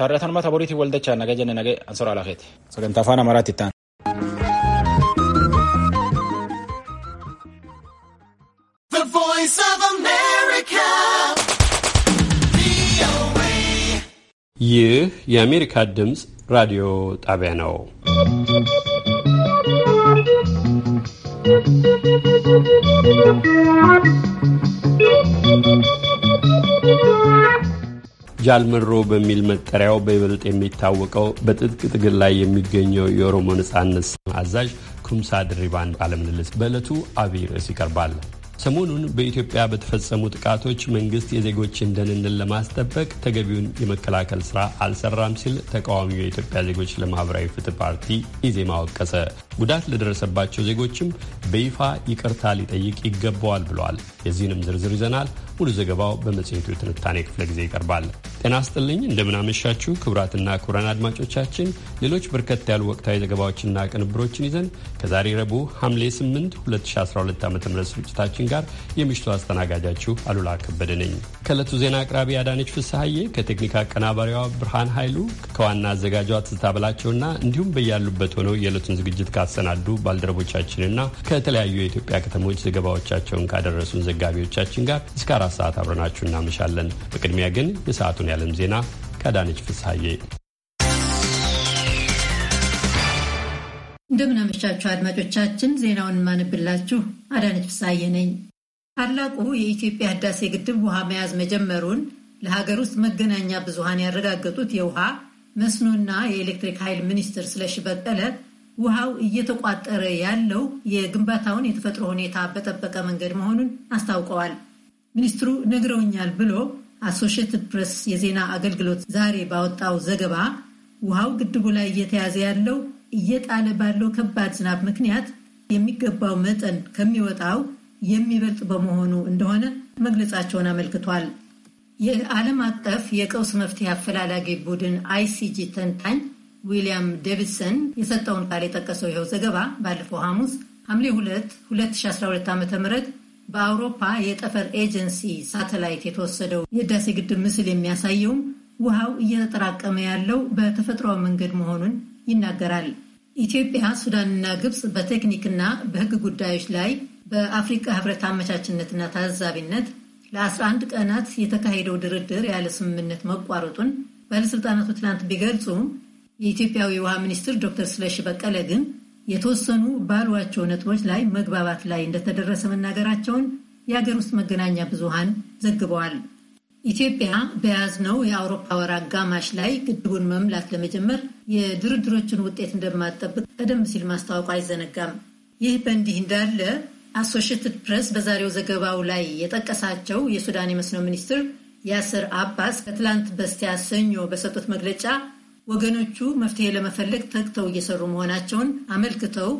Taarrataan mata boriitiin waldachaa nagee jenne nagee ansora alaafeeti. Sagantaa afaan Amaaraatti ta'an. ይህ የአሜሪካ ድምፅ ራዲዮ ጣቢያ ነው። ¶¶ ጃልመሮ በሚል መጠሪያው በይበልጥ የሚታወቀው በትጥቅ ትግል ላይ የሚገኘው የኦሮሞ ነጻነት አዛዥ ኩምሳ ድሪባን ቃለምልልስ በዕለቱ አብይ ርዕስ ይቀርባል። ሰሞኑን በኢትዮጵያ በተፈጸሙ ጥቃቶች መንግስት የዜጎችን ደህንነት ለማስጠበቅ ተገቢውን የመከላከል ስራ አልሰራም ሲል ተቃዋሚው የኢትዮጵያ ዜጎች ለማህበራዊ ፍትህ ፓርቲ ኢዜማ ወቀሰ። ጉዳት ለደረሰባቸው ዜጎችም በይፋ ይቅርታ ሊጠይቅ ይገባዋል ብለዋል። የዚህንም ዝርዝር ይዘናል። ሙሉ ዘገባው በመጽሔቱ ትንታኔ ክፍለ ጊዜ ይቀርባል። ጤና ስጥልኝ፣ እንደምናመሻችሁ ክቡራትና ክቡራን አድማጮቻችን ሌሎች በርከት ያሉ ወቅታዊ ዘገባዎችና ቅንብሮችን ይዘን ከዛሬ ረቡዕ ሐምሌ 8 2012 ዓ ም ስርጭታችን ጋር የምሽቱ አስተናጋጃችሁ አሉላ ከበደ ነኝ። ከእለቱ ዜና አቅራቢ አዳነች ፍስሐዬ ከቴክኒክ አቀናባሪዋ ብርሃን ኃይሉ ከዋና አዘጋጇ ትዝታ በላቸውና እንዲሁም በያሉበት ሆነው የዕለቱን ዝግጅት ካሰናዱ ባልደረቦቻችንና ከተለያዩ የኢትዮጵያ ከተሞች ዘገባዎቻቸውን ካደረሱን ዘጋቢዎቻችን ጋር እስከ አራት ሰዓት አብረናችሁ እናመሻለን። በቅድሚያ ግን የሰዓቱን የዓለም ዜና ከአዳነች ፍስሐዬ እንደምናመሻችሁ አድማጮቻችን፣ ዜናውን ማንብላችሁ አዳነች ፍሳዬ ነኝ። ታላቁ የኢትዮጵያ ህዳሴ ግድብ ውሃ መያዝ መጀመሩን ለሀገር ውስጥ መገናኛ ብዙሃን ያረጋገጡት የውሃ መስኖና የኤሌክትሪክ ኃይል ሚኒስትር ስለሺ በቀለ ውሃው እየተቋጠረ ያለው የግንባታውን የተፈጥሮ ሁኔታ በጠበቀ መንገድ መሆኑን አስታውቀዋል። ሚኒስትሩ ነግረውኛል ብሎ አሶሽትድ ፕሬስ የዜና አገልግሎት ዛሬ ባወጣው ዘገባ ውሃው ግድቡ ላይ እየተያዘ ያለው እየጣለ ባለው ከባድ ዝናብ ምክንያት የሚገባው መጠን ከሚወጣው የሚበልጥ በመሆኑ እንደሆነ መግለጻቸውን አመልክቷል። የዓለም አቀፍ የቀውስ መፍትሄ አፈላላጊ ቡድን አይሲጂ ተንታኝ ዊሊያም ዴቪድሰን የሰጠውን ቃል የጠቀሰው ይኸው ዘገባ ባለፈው ሐሙስ ሐምሌ 2 2012 ዓ ም በአውሮፓ የጠፈር ኤጀንሲ ሳተላይት የተወሰደው የህዳሴ ግድብ ምስል የሚያሳየውም ውሃው እየተጠራቀመ ያለው በተፈጥሯዊ መንገድ መሆኑን ይናገራል። ኢትዮጵያ፣ ሱዳንና ግብፅ በቴክኒክና በህግ ጉዳዮች ላይ በአፍሪካ ህብረት አመቻችነትና ታዛቢነት ለ11 ቀናት የተካሄደው ድርድር ያለ ስምምነት መቋረጡን ባለሥልጣናቱ ትናንት ቢገልጹም የኢትዮጵያው የውሃ ሚኒስትር ዶክተር ስለሺ በቀለ ግን የተወሰኑ ባሏቸው ነጥቦች ላይ መግባባት ላይ እንደተደረሰ መናገራቸውን የሀገር ውስጥ መገናኛ ብዙሃን ዘግበዋል። ኢትዮጵያ በያዝነው የአውሮፓ ወር አጋማሽ ላይ ግድቡን መምላት ለመጀመር የድርድሮችን ውጤት እንደማትጠብቅ ቀደም ሲል ማስታወቁ አይዘነጋም። ይህ በእንዲህ እንዳለ አሶሽትድ ፕሬስ በዛሬው ዘገባው ላይ የጠቀሳቸው የሱዳን የመስኖ ሚኒስትር ያስር አባስ ከትላንት በስቲያ ሰኞ በሰጡት መግለጫ ወገኖቹ መፍትሄ ለመፈለግ ተግተው እየሰሩ መሆናቸውን አመልክተው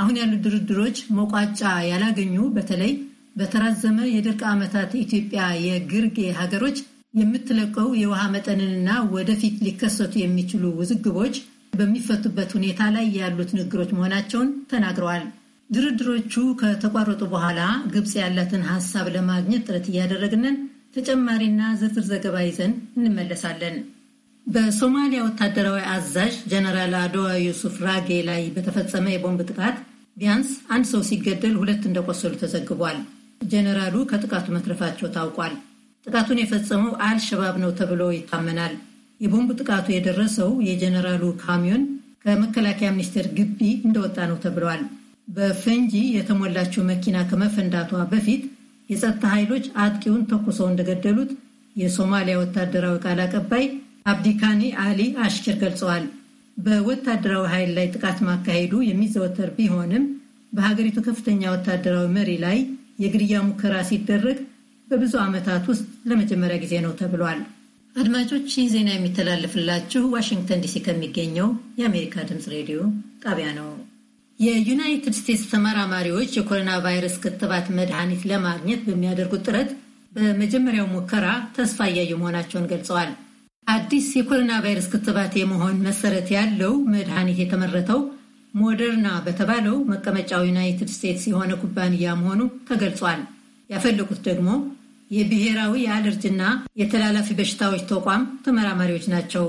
አሁን ያሉት ድርድሮች መቋጫ ያላገኙ በተለይ በተራዘመ የድርቅ ዓመታት ኢትዮጵያ የግርጌ ሀገሮች የምትለቀው የውሃ መጠንንና ወደፊት ሊከሰቱ የሚችሉ ውዝግቦች በሚፈቱበት ሁኔታ ላይ ያሉት ንግግሮች መሆናቸውን ተናግረዋል። ድርድሮቹ ከተቋረጡ በኋላ ግብፅ ያላትን ሀሳብ ለማግኘት ጥረት እያደረግንን ተጨማሪና ዝርዝር ዘገባ ይዘን እንመለሳለን። በሶማሊያ ወታደራዊ አዛዥ ጀነራል አድዋ ዩሱፍ ራጌ ላይ በተፈጸመ የቦምብ ጥቃት ቢያንስ አንድ ሰው ሲገደል ሁለት እንደቆሰሉ ተዘግቧል። ጀነራሉ ከጥቃቱ መትረፋቸው ታውቋል። ጥቃቱን የፈጸመው አልሸባብ ነው ተብሎ ይታመናል። የቦምብ ጥቃቱ የደረሰው የጀነራሉ ካሚዮን ከመከላከያ ሚኒስቴር ግቢ እንደወጣ ነው ተብሏል። በፈንጂ የተሞላችው መኪና ከመፈንዳቷ በፊት የጸጥታ ኃይሎች አጥቂውን ተኩሰው እንደገደሉት የሶማሊያ ወታደራዊ ቃል አቀባይ አብዲካኒ አሊ አሽኪር ገልጸዋል። በወታደራዊ ኃይል ላይ ጥቃት ማካሄዱ የሚዘወተር ቢሆንም በሀገሪቱ ከፍተኛ ወታደራዊ መሪ ላይ የግድያ ሙከራ ሲደረግ በብዙ ዓመታት ውስጥ ለመጀመሪያ ጊዜ ነው ተብሏል። አድማጮች ይህ ዜና የሚተላለፍላችሁ ዋሽንግተን ዲሲ ከሚገኘው የአሜሪካ ድምፅ ሬዲዮ ጣቢያ ነው። የዩናይትድ ስቴትስ ተመራማሪዎች የኮሮና ቫይረስ ክትባት መድኃኒት ለማግኘት በሚያደርጉት ጥረት በመጀመሪያው ሙከራ ተስፋ እያዩ መሆናቸውን ገልጸዋል። አዲስ የኮሮና ቫይረስ ክትባት የመሆን መሰረት ያለው መድኃኒት የተመረተው ሞደርና በተባለው መቀመጫው ዩናይትድ ስቴትስ የሆነ ኩባንያ መሆኑ ተገልጿል። ያፈለጉት ደግሞ የብሔራዊ የአለርጅና የተላላፊ በሽታዎች ተቋም ተመራማሪዎች ናቸው።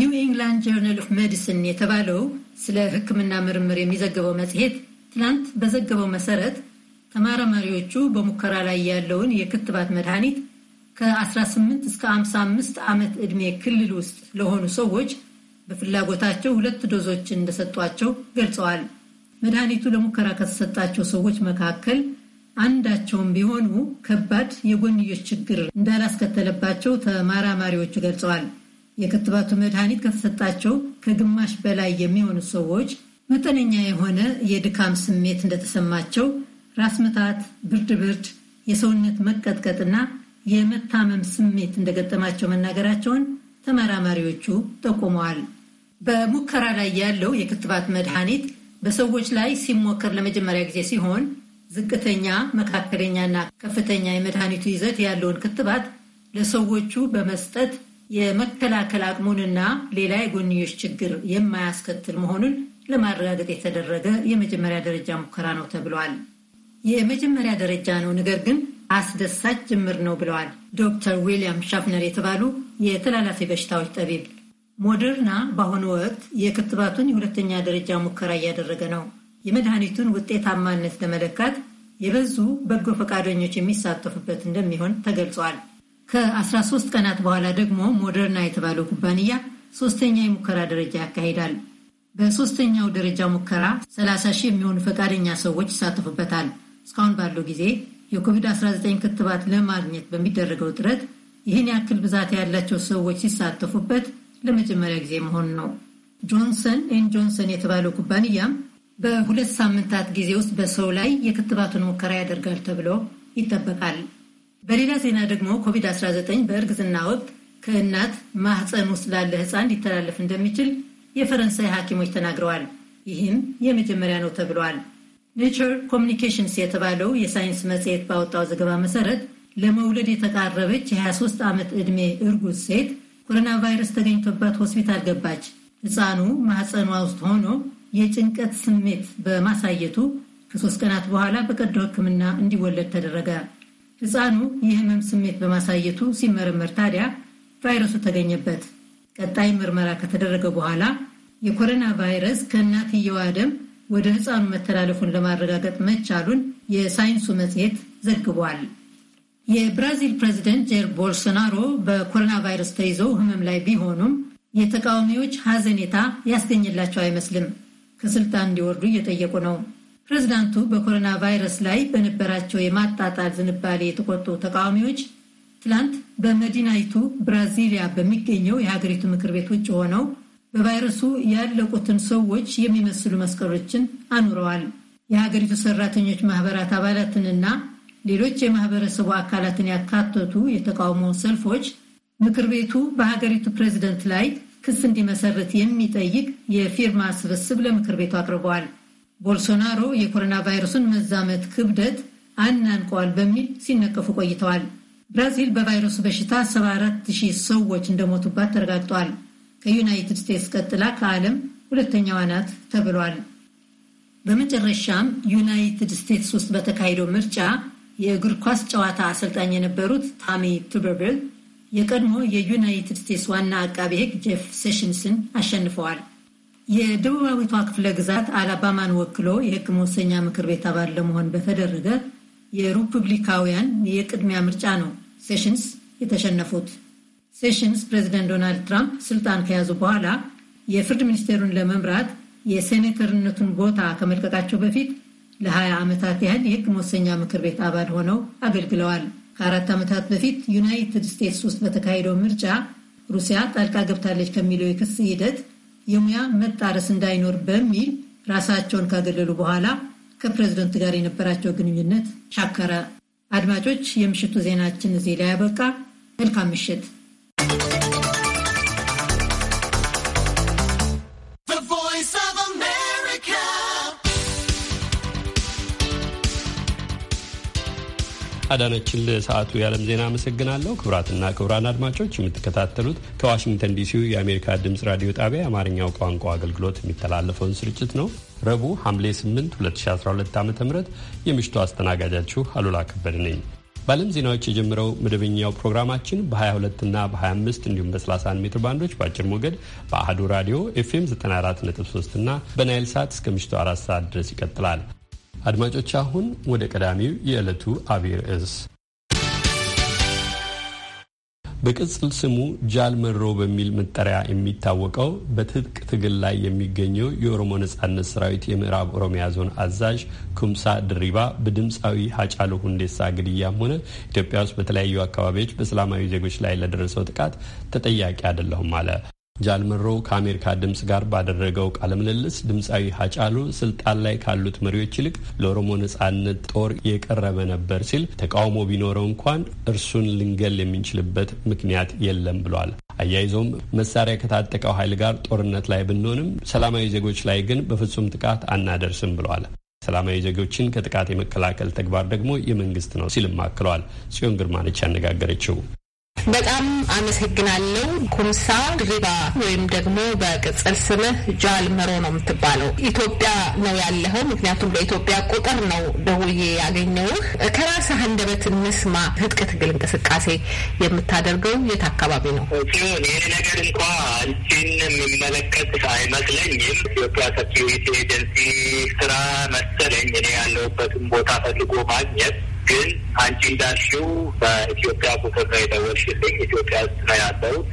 ኒው ኢንግላንድ ጆርናል ኦፍ ሜዲሲን የተባለው ስለ ሕክምና ምርምር የሚዘግበው መጽሔት ትናንት በዘገበው መሰረት ተመራማሪዎቹ በሙከራ ላይ ያለውን የክትባት መድኃኒት ከ18 እስከ 55 ዓመት ዕድሜ ክልል ውስጥ ለሆኑ ሰዎች በፍላጎታቸው ሁለት ዶዞች እንደሰጧቸው ገልጸዋል። መድኃኒቱ ለሙከራ ከተሰጣቸው ሰዎች መካከል አንዳቸውም ቢሆኑ ከባድ የጎንዮሽ ችግር እንዳላስከተለባቸው ተመራማሪዎቹ ገልጸዋል። የክትባቱ መድኃኒት ከተሰጣቸው ከግማሽ በላይ የሚሆኑ ሰዎች መጠነኛ የሆነ የድካም ስሜት እንደተሰማቸው፣ ራስ ምታት፣ ብርድ ብርድ፣ የሰውነት መቀጥቀጥና የመታመም ስሜት እንደገጠማቸው መናገራቸውን ተመራማሪዎቹ ጠቁመዋል። በሙከራ ላይ ያለው የክትባት መድኃኒት በሰዎች ላይ ሲሞከር ለመጀመሪያ ጊዜ ሲሆን ዝቅተኛ፣ መካከለኛና ከፍተኛ የመድኃኒቱ ይዘት ያለውን ክትባት ለሰዎቹ በመስጠት የመከላከል አቅሙንና ሌላ የጎንዮሽ ችግር የማያስከትል መሆኑን ለማረጋገጥ የተደረገ የመጀመሪያ ደረጃ ሙከራ ነው ተብሏል። የመጀመሪያ ደረጃ ነው፣ ነገር ግን አስደሳች ጅምር ነው ብለዋል ዶክተር ዊሊያም ሻፍነር የተባሉ የተላላፊ በሽታዎች ጠቢብ። ሞደርና በአሁኑ ወቅት የክትባቱን የሁለተኛ ደረጃ ሙከራ እያደረገ ነው። የመድኃኒቱን ውጤታማነት ለመለካት የበዙ በጎ ፈቃደኞች የሚሳተፉበት እንደሚሆን ተገልጿል። ከ13 ቀናት በኋላ ደግሞ ሞደርና የተባለው ኩባንያ ሶስተኛ የሙከራ ደረጃ ያካሂዳል። በሶስተኛው ደረጃ ሙከራ 30 ሺህ የሚሆኑ ፈቃደኛ ሰዎች ይሳተፉበታል። እስካሁን ባለው ጊዜ የኮቪድ-19 ክትባት ለማግኘት በሚደረገው ጥረት ይህን ያክል ብዛት ያላቸው ሰዎች ሲሳተፉበት ለመጀመሪያ ጊዜ መሆኑ ነው። ጆንሰን ኤንድ ጆንሰን የተባለው ኩባንያም በሁለት ሳምንታት ጊዜ ውስጥ በሰው ላይ የክትባቱን ሙከራ ያደርጋል ተብሎ ይጠበቃል። በሌላ ዜና ደግሞ ኮቪድ-19 በእርግዝና ወቅት ከእናት ማህፀን ውስጥ ላለ ሕፃን ሊተላለፍ እንደሚችል የፈረንሳይ ሐኪሞች ተናግረዋል። ይህም የመጀመሪያ ነው ተብሏል። ኔቸር ኮሚኒኬሽንስ የተባለው የሳይንስ መጽሔት ባወጣው ዘገባ መሰረት ለመውለድ የተቃረበች የ23 ዓመት ዕድሜ እርጉዝ ሴት ኮሮና ቫይረስ ተገኝቶባት ሆስፒታል ገባች። ሕፃኑ ማህፀኗ ውስጥ ሆኖ የጭንቀት ስሜት በማሳየቱ ከሶስት ቀናት በኋላ በቀዶ ሕክምና እንዲወለድ ተደረገ። ሕፃኑ የህመም ስሜት በማሳየቱ ሲመረመር ታዲያ ቫይረሱ ተገኘበት። ቀጣይ ምርመራ ከተደረገ በኋላ የኮሮና ቫይረስ ከእናትየዋ ደም ወደ ህፃኑ መተላለፉን ለማረጋገጥ መቻሉን የሳይንሱ መጽሔት ዘግቧል። የብራዚል ፕሬዚደንት ጀር ቦልሶናሮ በኮሮና ቫይረስ ተይዘው ህመም ላይ ቢሆኑም የተቃዋሚዎች ሐዘኔታ ያስገኝላቸው አይመስልም። ከስልጣን እንዲወርዱ እየጠየቁ ነው። ፕሬዚዳንቱ በኮሮና ቫይረስ ላይ በነበራቸው የማጣጣል ዝንባሌ የተቆጡ ተቃዋሚዎች ትላንት በመዲናይቱ ብራዚሊያ በሚገኘው የሀገሪቱ ምክር ቤት ውጭ ሆነው በቫይረሱ ያለቁትን ሰዎች የሚመስሉ መስቀሎችን አኑረዋል። የሀገሪቱ ሰራተኞች ማህበራት አባላትንና ሌሎች የማህበረሰቡ አካላትን ያካተቱ የተቃውሞ ሰልፎች ምክር ቤቱ በሀገሪቱ ፕሬዚደንት ላይ ክስ እንዲመሰረት የሚጠይቅ የፊርማ ስብስብ ለምክር ቤቱ አቅርበዋል። ቦልሶናሮ የኮሮና ቫይረሱን መዛመት ክብደት አናንቀዋል በሚል ሲነቀፉ ቆይተዋል። ብራዚል በቫይረሱ በሽታ 74 ሺህ ሰዎች እንደሞቱባት ተረጋግጧል። ከዩናይትድ ስቴትስ ቀጥላ ከዓለም ሁለተኛዋ ናት ተብሏል። በመጨረሻም ዩናይትድ ስቴትስ ውስጥ በተካሄደው ምርጫ የእግር ኳስ ጨዋታ አሰልጣኝ የነበሩት ታሚ ቱበርብል የቀድሞ የዩናይትድ ስቴትስ ዋና አቃቢ ሕግ ጄፍ ሴሽንስን አሸንፈዋል። የደቡባዊቷ ክፍለ ግዛት አላባማን ወክሎ የሕግ መወሰኛ ምክር ቤት አባል ለመሆን በተደረገ የሪፑብሊካውያን የቅድሚያ ምርጫ ነው ሴሽንስ የተሸነፉት። ሴሽንስ ፕሬዚደንት ዶናልድ ትራምፕ ስልጣን ከያዙ በኋላ የፍርድ ሚኒስቴሩን ለመምራት የሴኔተርነቱን ቦታ ከመልቀቃቸው በፊት ለ20 ዓመታት ያህል የህግ መወሰኛ ምክር ቤት አባል ሆነው አገልግለዋል። ከአራት ዓመታት በፊት ዩናይትድ ስቴትስ ውስጥ በተካሄደው ምርጫ ሩሲያ ጣልቃ ገብታለች ከሚለው የክስ ሂደት የሙያ መጣረስ እንዳይኖር በሚል ራሳቸውን ካገለሉ በኋላ ከፕሬዝደንት ጋር የነበራቸው ግንኙነት ሻከረ። አድማጮች፣ የምሽቱ ዜናችን እዚህ ላይ ያበቃ። መልካም ምሽት። አዳነችን ለሰዓቱ የዓለም ዜና አመሰግናለሁ። ክቡራትና ክቡራን አድማጮች የምትከታተሉት ከዋሽንግተን ዲሲው የአሜሪካ ድምፅ ራዲዮ ጣቢያ የአማርኛው ቋንቋ አገልግሎት የሚተላለፈውን ስርጭት ነው። ረቡዕ ሐምሌ 8 2012 ዓ ም የምሽቱ አስተናጋጃችሁ አሉላ ከበድ ነኝ። በዓለም ዜናዎች የጀመረው መደበኛው ፕሮግራማችን በ22 እና በ25 እንዲሁም በ31 ሜትር ባንዶች በአጭር ሞገድ በአህዱ ራዲዮ ኤፍኤም 943 እና በናይል ሰዓት እስከ ምሽቱ አራት ሰዓት ድረስ ይቀጥላል። አድማጮች አሁን ወደ ቀዳሚው የዕለቱ አብይ ርዕስ በቅጽል ስሙ ጃል መሮ በሚል መጠሪያ የሚታወቀው በትጥቅ ትግል ላይ የሚገኘው የኦሮሞ ነጻነት ሰራዊት የምዕራብ ኦሮሚያ ዞን አዛዥ ኩምሳ ድሪባ በድምፃዊ ሀጫሉ ሁንዴሳ ግድያም ሆነ ኢትዮጵያ ውስጥ በተለያዩ አካባቢዎች በሰላማዊ ዜጎች ላይ ለደረሰው ጥቃት ተጠያቂ አይደለሁም አለ። ጃልመሮ ከአሜሪካ ድምፅ ጋር ባደረገው ቃለ ምልልስ ድምፃዊ ሀጫሉ ስልጣን ላይ ካሉት መሪዎች ይልቅ ለኦሮሞ ነጻነት ጦር የቀረበ ነበር ሲል ተቃውሞ ቢኖረው እንኳን እርሱን ልንገል የምንችልበት ምክንያት የለም ብሏል። አያይዞም መሳሪያ ከታጠቀው ኃይል ጋር ጦርነት ላይ ብንሆንም ሰላማዊ ዜጎች ላይ ግን በፍጹም ጥቃት አናደርስም ብሏል። ሰላማዊ ዜጎችን ከጥቃት የመከላከል ተግባር ደግሞ የመንግስት ነው ሲልም አክሏል። ጽዮን ግርማ ነች ያነጋገረችው። በጣም አመሰግናለሁ። ኩምሳ ድሪባ ወይም ደግሞ በቅጽል ስምህ ጃል መሮ ነው የምትባለው። ኢትዮጵያ ነው ያለኸው? ምክንያቱም በኢትዮጵያ ቁጥር ነው ደውዬ ያገኘውህ። ከራስህ አንደበት እንስማ። ትጥቅ ትግል እንቅስቃሴ የምታደርገው የት አካባቢ ነው? ይህ ነገር እንኳ አንቺን የሚመለከት አይመስለኝም። ኢትዮጵያ ሰኪሪቲ ኤጀንሲ ስራ መሰለኝ እኔ ያለሁበትን ቦታ ፈልጎ ማግኘት ግን አንቺ እንዳልሽው በኢትዮጵያ ቁጥር ነው የደወልሽልኝ። ኢትዮጵያ ውስጥ ነው ያለሁት።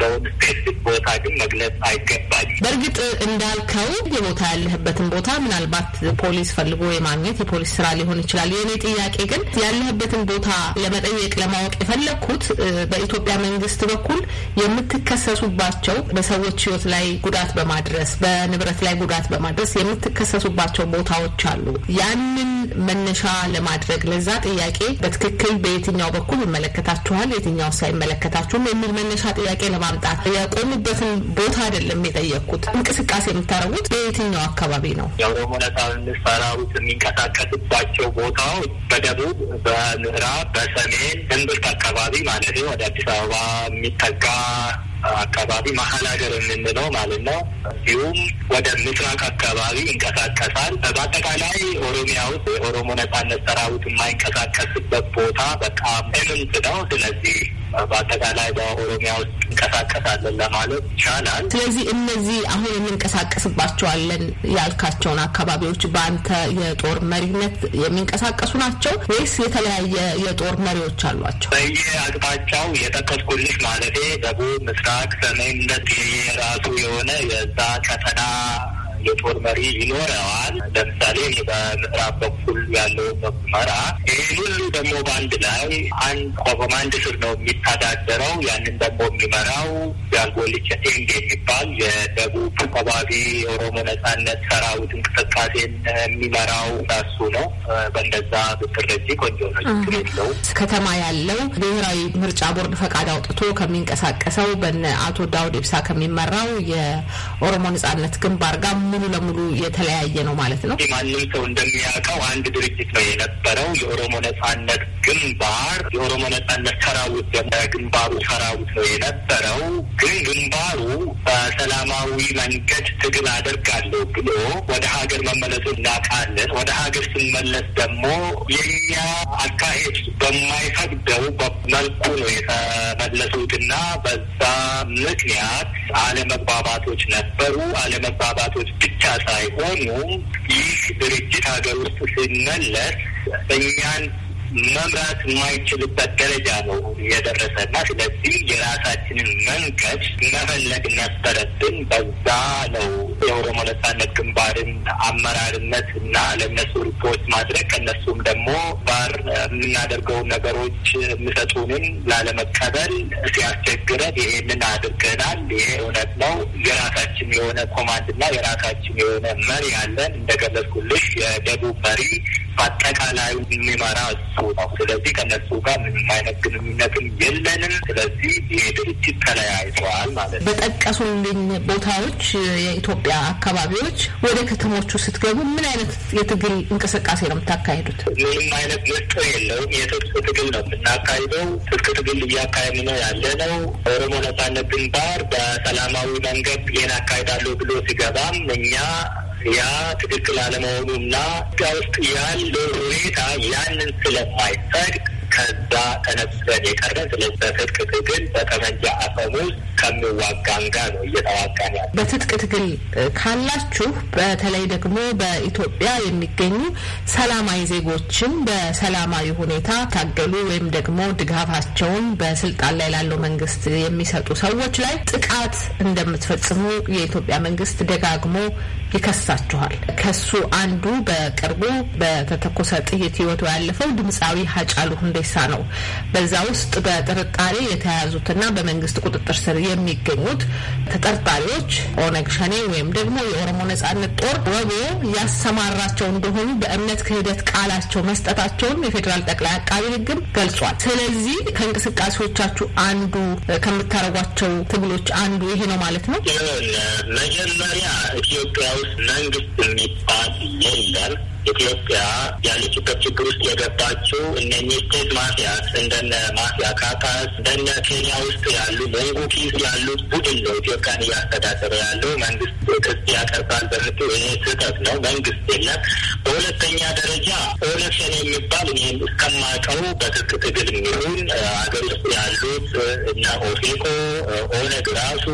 በውድፊት ቦታ ግን መግለጽ አይገባል። በእርግጥ እንዳልከው የቦታ ያለህበትን ቦታ ምናልባት ፖሊስ ፈልጎ የማግኘት የፖሊስ ስራ ሊሆን ይችላል። የእኔ ጥያቄ ግን ያለህበትን ቦታ ለመጠየቅ ለማወቅ የፈለግኩት በኢትዮጵያ መንግስት በኩል የምትከሰሱባቸው በሰዎች ህይወት ላይ ጉዳት በማድረስ በንብረት ላይ ጉዳት በማድረስ የምትከሰሱባቸው ቦታዎች አሉ። ያንን መነሻ ለማድረግ ለዛ ጥያቄ በትክክል በየትኛው በኩል ይመለከታችኋል፣ የትኛው ሳይመለከታችሁም የሚል መነሻ ጥያቄ ለማ ማምጣት የቆሙበትን ቦታ አይደለም የጠየቅኩት። እንቅስቃሴ የምታደርጉት በየትኛው አካባቢ ነው? የኦሮሞ ነጻነት ሰራዊት የሚንቀሳቀስባቸው ቦታዎች በደቡብ፣ በምዕራብ፣ በሰሜን እምብርት አካባቢ ማለት ነው ወደ አዲስ አበባ የሚጠጋ አካባቢ መሀል ሀገር የምንለው ማለት ነው። እንዲሁም ወደ ምስራቅ አካባቢ ይንቀሳቀሳል። በአጠቃላይ ኦሮሚያ ውስጥ የኦሮሞ ነጻነት ሰራዊት የማይንቀሳቀስበት ቦታ በጣም እምንት ነው። ስለዚህ በአጠቃላይ በኦሮሚያ ውስጥ እንቀሳቀሳለን ለማለት ይቻላል። ስለዚህ እነዚህ አሁን የምንቀሳቀስባቸዋለን ያልካቸውን አካባቢዎች በአንተ የጦር መሪነት የሚንቀሳቀሱ ናቸው ወይስ የተለያየ የጦር መሪዎች አሏቸው? አቅጣጫው የጠቀስኩልሽ ማለቴ ደቡብ፣ ምስራቅ፣ ሰሜን ነት የራሱ የሆነ የዛ ቀጠና የጦር መሪ ይኖረዋል። ለምሳሌ በምዕራብ በኩል ያለው መመራ ይህ ሁሉ ደግሞ በአንድ ላይ አንድ ኮማንድ ስር ነው የሚተዳደረው። ያንን ደግሞ የሚመራው ያልጎልቸ ቴንግ የሚባል የደቡብ ከባቢ የኦሮሞ ነጻነት ሰራዊት እንቅስቃሴን የሚመራው ራሱ ነው። በእንደዛ ብትረጂ ቆንጆ ነው። ችግር ከተማ ያለው ብሔራዊ ምርጫ ቦርድ ፈቃድ አውጥቶ ከሚንቀሳቀሰው በነ አቶ ዳውድ ኢብሳ ከሚመራው የኦሮሞ ነጻነት ግንባር ጋር ሙሉ ለሙሉ የተለያየ ነው ማለት ነው። ማንም ሰው እንደሚያውቀው አንድ ድርጅት ነው የነበረው የኦሮሞ ነጻነት ግንባር። የኦሮሞ ነጻነት ሰራዊት ደግሞ ግንባሩ ሰራዊት ነው የነበረው። ግን ግንባሩ በሰላማዊ መንገድ ትግል አደርጋለሁ ብሎ ወደ ሀገር መመለሱ እናውቃለን። ወደ ሀገር ስንመለስ ደግሞ የኛ አካሄድ በማይፈቅደው መልኩ ነው የተመለሱትና በዛ ምክንያት አለመግባባቶች ነበሩ። አለመግባባቶች ብቻ ሳይሆኑ ይህ ድርጅት ሀገር ውስጥ ሲመለስ እኛን መምራት የማይችልበት ደረጃ ነው እየደረሰ እና ስለዚህ የራሳችንን መንገድ መፈለግ ነበረብን። በዛ ነው የኦሮሞ ነጻነት ግንባርን አመራርነት እና ለእነሱ ሪፖርት ማድረግ ከእነሱም ደግሞ ባር የምናደርገው ነገሮች የሚሰጡንን ላለመቀበል ሲያስቸግረን ይሄንን አድርገናል። ይሄ እውነት ነው። የራሳችን የሆነ ኮማንድ ኮማንድና የራሳችን የሆነ መሪ አለን። እንደገለጽኩልሽ የደቡብ መሪ በአጠቃላዩ የሚመራ ተነስቶ ስለዚህ ከነሱ ጋር ምንም አይነት ግንኙነትም የለንም። ስለዚህ ይህ ድርጅት ተለያይተዋል ማለት ነው። በጠቀሱልኝ ቦታዎች የኢትዮጵያ አካባቢዎች ወደ ከተሞቹ ስትገቡ ምን አይነት የትግል እንቅስቃሴ ነው የምታካሂዱት? ምንም አይነት ምርጦ የለውም። የትጥቅ ትግል ነው የምናካሂደው። ትጥቅ ትግል እያካሄድ ነው ያለ ነው። ኦሮሞ ነጻነት ግንባር በሰላማዊ መንገድ ይህን አካሂዳለሁ ብሎ ሲገባም እኛ ያ ትክክል አለመሆኑና ኢትዮጵያ ውስጥ ያለው ሁኔታ ያንን ስለማይፈቅድ ከዛ ተነስተን የቀረ ስለዚህ በትጥቅ ትግል በጠመንጃ አፈሙዝ ከሚዋጋን ጋር ነው እየተዋጋን ያለ። በትጥቅ ትግል ካላችሁ በተለይ ደግሞ በኢትዮጵያ የሚገኙ ሰላማዊ ዜጎችን በሰላማዊ ሁኔታ ታገሉ ወይም ደግሞ ድጋፋቸውን በስልጣን ላይ ላለው መንግስት የሚሰጡ ሰዎች ላይ ጥቃት እንደምትፈጽሙ የኢትዮጵያ መንግስት ደጋግሞ ይከሳችኋል። ከሱ አንዱ በቅርቡ በተተኮሰ ጥይት ህይወቱ ያለፈው ድምፃዊ ሀጫሉ ሁንዴሳ ነው። በዛ ውስጥ በጥርጣሬ የተያያዙትና በመንግስት ቁጥጥር ስር የሚገኙት ተጠርጣሪዎች ኦነግ ሸኔ ወይም ደግሞ የኦሮሞ ነጻነት ጦር ወቦ ያሰማራቸው እንደሆኑ በእምነት ክህደት ቃላቸው መስጠታቸውን የፌዴራል ጠቅላይ አቃቢ ሕግም ገልጿል። ስለዚህ ከእንቅስቃሴዎቻችሁ አንዱ ከምታደርጓቸው ትግሎች አንዱ ይሄ ነው ማለት ነው። መጀመሪያ ኢትዮጵያ ውስጥ መንግስት የሚባል የለም። ኢትዮጵያ ያለችበት ችግር ውስጥ የገባችው እነኚህ ስቴት ማፊያስ እንደነ ማፊያ ካካስ እንደነ ኬንያ ውስጥ ያሉ ሞንጎ ኪዝ ያሉት ቡድን ነው ኢትዮጵያን እያስተዳደረ ያለው። መንግስት ክስ ያቀርባል በምትል ይሄ ስህተት ነው። መንግስት የለም። በሁለተኛ ደረጃ ኦነክሽን የሚባል ይህም እስከማውቀው በትጥቅ ትግል የሚሆን አገር ውስጥ ያሉት እና ኦፌኮ ኦነግ ራሱ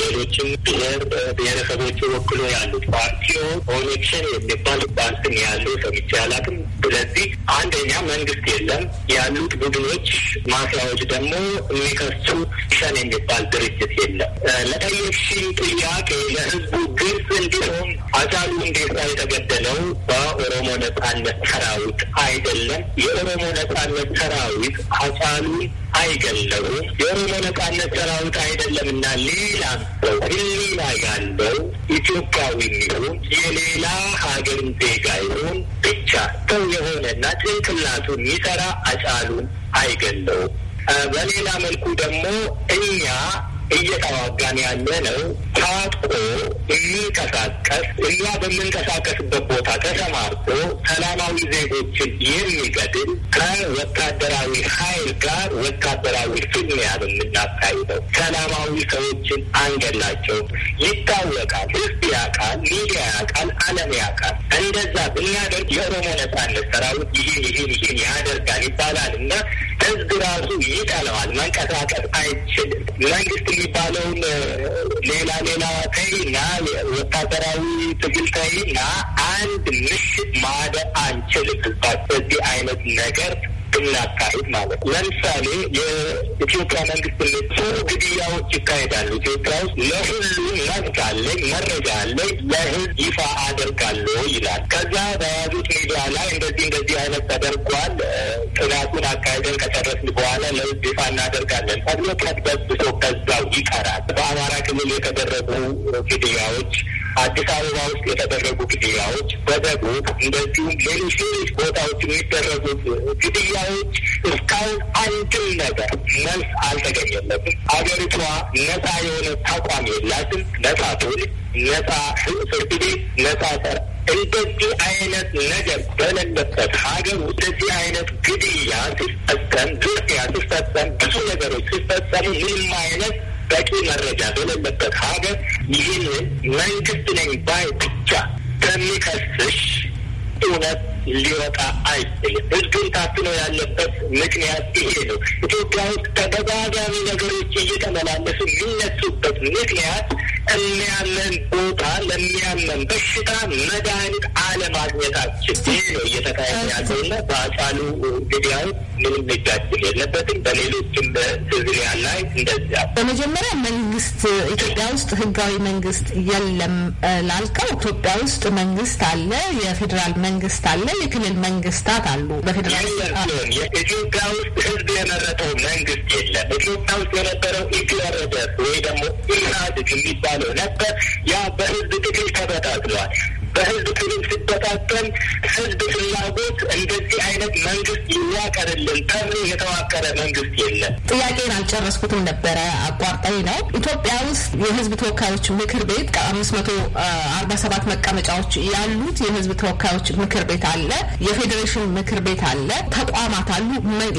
ሌሎችም ብሄር ብሄረሰቦች ወክሎ ያሉት ፓርቲዎች ኦኔክሽን የሚባል ባንክ ያ ያለው ሰምቼ አላውቅም። ስለዚህ አንደኛ መንግስት የለም ያሉት ቡድኖች ማስያዎች ደግሞ የሚከሱ ሰን የሚባል ድርጅት የለም። ለጠየቅሽኝ ጥያቄ ለህዝቡ ግልጽ እንዲሆን አጫሉ ሁንዴሳ የተገደለው በኦሮሞ ነጻነት ሰራዊት አይደለም። የኦሮሞ ነጻነት ሰራዊት አጫሉን አይገለው የኦሮሞ ነጻነት ሰራዊት አይደለምና ሌላ ሰው ህሊና ያለው ኢትዮጵያዊ ይሁን የሌላ ሀገር ዜጋ ይሁን ብቻ ሰው የሆነና ጭንቅላቱን ይሰራ አጫሉን አይገለው። በሌላ መልኩ ደግሞ እኛ እየተዋጋን ያለ ነው። ታጥቆ የሚንቀሳቀስ እኛ በምንቀሳቀስበት ቦታ ተሰማርቶ ሰላማዊ ዜጎችን የሚገድል ከወታደራዊ ኃይል ጋር ወታደራዊ ፍልሚያ የምናካሂደው ሰላማዊ ሰዎችን አንገላቸው። ይታወቃል፣ ሕዝብ ያውቃል፣ ሚዲያ ያውቃል፣ ዓለም ያውቃል። እንደዛ ብናደርግ የኦሮሞ ነጻነት ሰራዊት ይህን ይህን ይህን ያደርጋል ይባላል እና ህዝብ ራሱ ይጠለዋል፣ መንቀሳቀስ አይችልም። መንግስት የሚባለውን ሌላ ሌላ ተይና ወታደራዊ ትግል ተይና አንድ ምሽት ማደ አንችልም። ህዝባችን በዚህ አይነት ነገር ብናካሄድ ማለት ነው። ለምሳሌ የኢትዮጵያ መንግስት ንጹ ግድያዎች ይካሄዳሉ ኢትዮጵያ ውስጥ ለሁሉም መብት አለኝ መረጃ አለኝ ለህዝብ ይፋ አደርጋለሁ ይላል። ከዛ በያዙት ሚዲያ ላይ እንደዚህ እንደዚህ አይነት ተደርጓል፣ ጥናቱን አካሄደን ከጨረስን በኋላ ለህዝብ ይፋ እናደርጋለን ተብሎ ቀድበስብሶ ከዛው ይቀራል። በአማራ ክልል የተደረጉ ግድያዎች አዲስ አበባ ውስጥ የተደረጉ ግድያዎች፣ በደቡብ እንደዚሁም ሌሎች ሌሎች ቦታዎች የሚደረጉት ግድያዎች እስካሁን አንድም ነገር መልስ አልተገኘለትም። አገሪቷ ነፃ የሆነ ተቋም የላትም። ነፃ ትውልድ፣ ነፃ ፍርድ ቤት፣ ነፃ ሰር እንደዚህ አይነት ነገር በሌለበት ሀገር እንደዚህ አይነት ግድያ ሲፈጸም፣ ዝርፊያ ሲፈጸም፣ ብዙ ነገሮች ሲፈጸሙ ምንም አይነት በቂ መረጃ በሌለበት ሀገር ይህንን መንግስት ነኝ ባይ ብቻ ከሚከስሽ እውነት ሊወጣ አይችልም። ህዝቡን ታፍኖ ያለበት ምክንያት ይሄ ነው። ኢትዮጵያ ውስጥ ተደጋጋሚ ነገሮች እየተመላለሱ የሚነሱበት ምክንያት ለጸለያለን ቦታ ለሚያመን በሽታ መድኃኒት አለማግኘታችን ይህ ነው እየተካሄደ ያለውና በአሳሉ ግዲያው ምንም ሊጋጭል የለበትም። በሌሎችም በትዝሊያ ላይ እንደዚያ። በመጀመሪያ መንግስት ኢትዮጵያ ውስጥ ህጋዊ መንግስት የለም ላልከው ኢትዮጵያ ውስጥ መንግስት አለ፣ የፌዴራል መንግስት አለ፣ የክልል መንግስታት አሉ። በፌዴራል ኢትዮጵያ ውስጥ ህዝብ የመረጠው መንግስት የለም። ኢትዮጵያ ውስጥ የነበረው ኢክለረደር ወይ ደግሞ ኢህአዴግ የሚባለው ነበር። ያ በህዝብ ትግል ተበታትኗል። በህዝብ ክልል ሲበታተን ህዝብ ፍላጎት እንደዚህ አይነት መንግስት ይዋቀርልን ተብሎ የተዋቀረ መንግስት የለም። ጥያቄን አልጨረስኩትም ነበረ አቋርጠኝ ነው። ኢትዮጵያ ውስጥ የህዝብ ተወካዮች ምክር ቤት ከአምስት መቶ አርባ ሰባት መቀመጫዎች ያሉት የህዝብ ተወካዮች ምክር ቤት አለ። የፌዴሬሽን ምክር ቤት አለ። ተቋማት አሉ።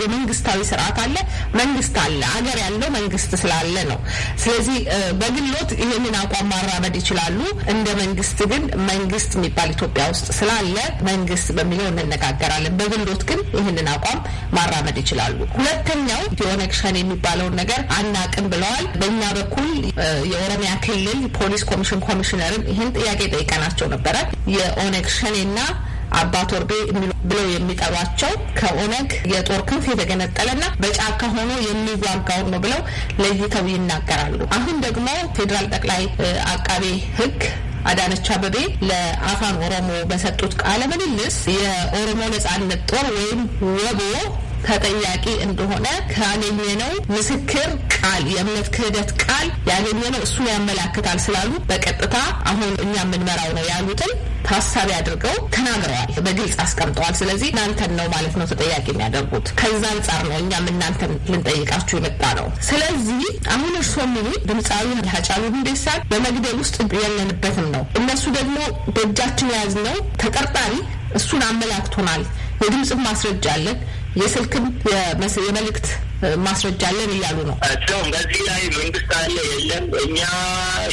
የመንግስታዊ ስርዓት አለ። መንግስት አለ። አገር ያለው መንግስት ስላለ ነው። ስለዚህ በግሎት ይህንን አቋም ማራመድ ይችላሉ። እንደ መንግስት ግን መንግስት መንግስት የሚባል ኢትዮጵያ ውስጥ ስላለ መንግስት በሚለው እንነጋገራለን። በግሎት ግን ይህንን አቋም ማራመድ ይችላሉ። ሁለተኛው የኦነግ ሸኔ የሚባለውን ነገር አናቅም ብለዋል። በእኛ በኩል የኦሮሚያ ክልል ፖሊስ ኮሚሽን ኮሚሽነርን ይህን ጥያቄ ጠይቀናቸው ነበረ። የኦነግ ሸኔና አባ ቶርቤ ብለው የሚጠሯቸው ከኦነግ የጦር ክንፍ የተገነጠለና በጫካ ሆኖ የሚዋጋውን ነው ብለው ለይተው ይናገራሉ። አሁን ደግሞ ፌዴራል ጠቅላይ አቃቤ ሕግ አዳነች አበቤ ለአፋን ኦሮሞ በሰጡት ቃለ ምልልስ የኦሮሞ ነጻነት ጦር ወይም ወቦ ተጠያቂ እንደሆነ ካገኘነው ምስክር ቃል የእምነት ክህደት ቃል ያገኘነው እሱ ያመላክታል ስላሉ በቀጥታ አሁን እኛ የምንመራው ነው ያሉትን ታሳቢ አድርገው ተናግረዋል፣ በግልጽ አስቀምጠዋል። ስለዚህ እናንተን ነው ማለት ነው ተጠያቂ የሚያደርጉት። ከዛ አንጻር ነው እኛም እናንተን ልንጠይቃችሁ የመጣ ነው። ስለዚህ አሁን እርስዎ የሚሉት ድምፃዊ ሀጫሉ ሁንዴሳ በመግደል ውስጥ የለንበትም ነው። እነሱ ደግሞ በእጃችን የያዝነው ተጠርጣሪ እሱን አመላክቶናል። የድምፅ ማስረጃ አለን የስልክም የመልእክት ማስረጃ አለን እያሉ ነው። ሰውም በዚህ ላይ መንግስት አለ የለም እኛ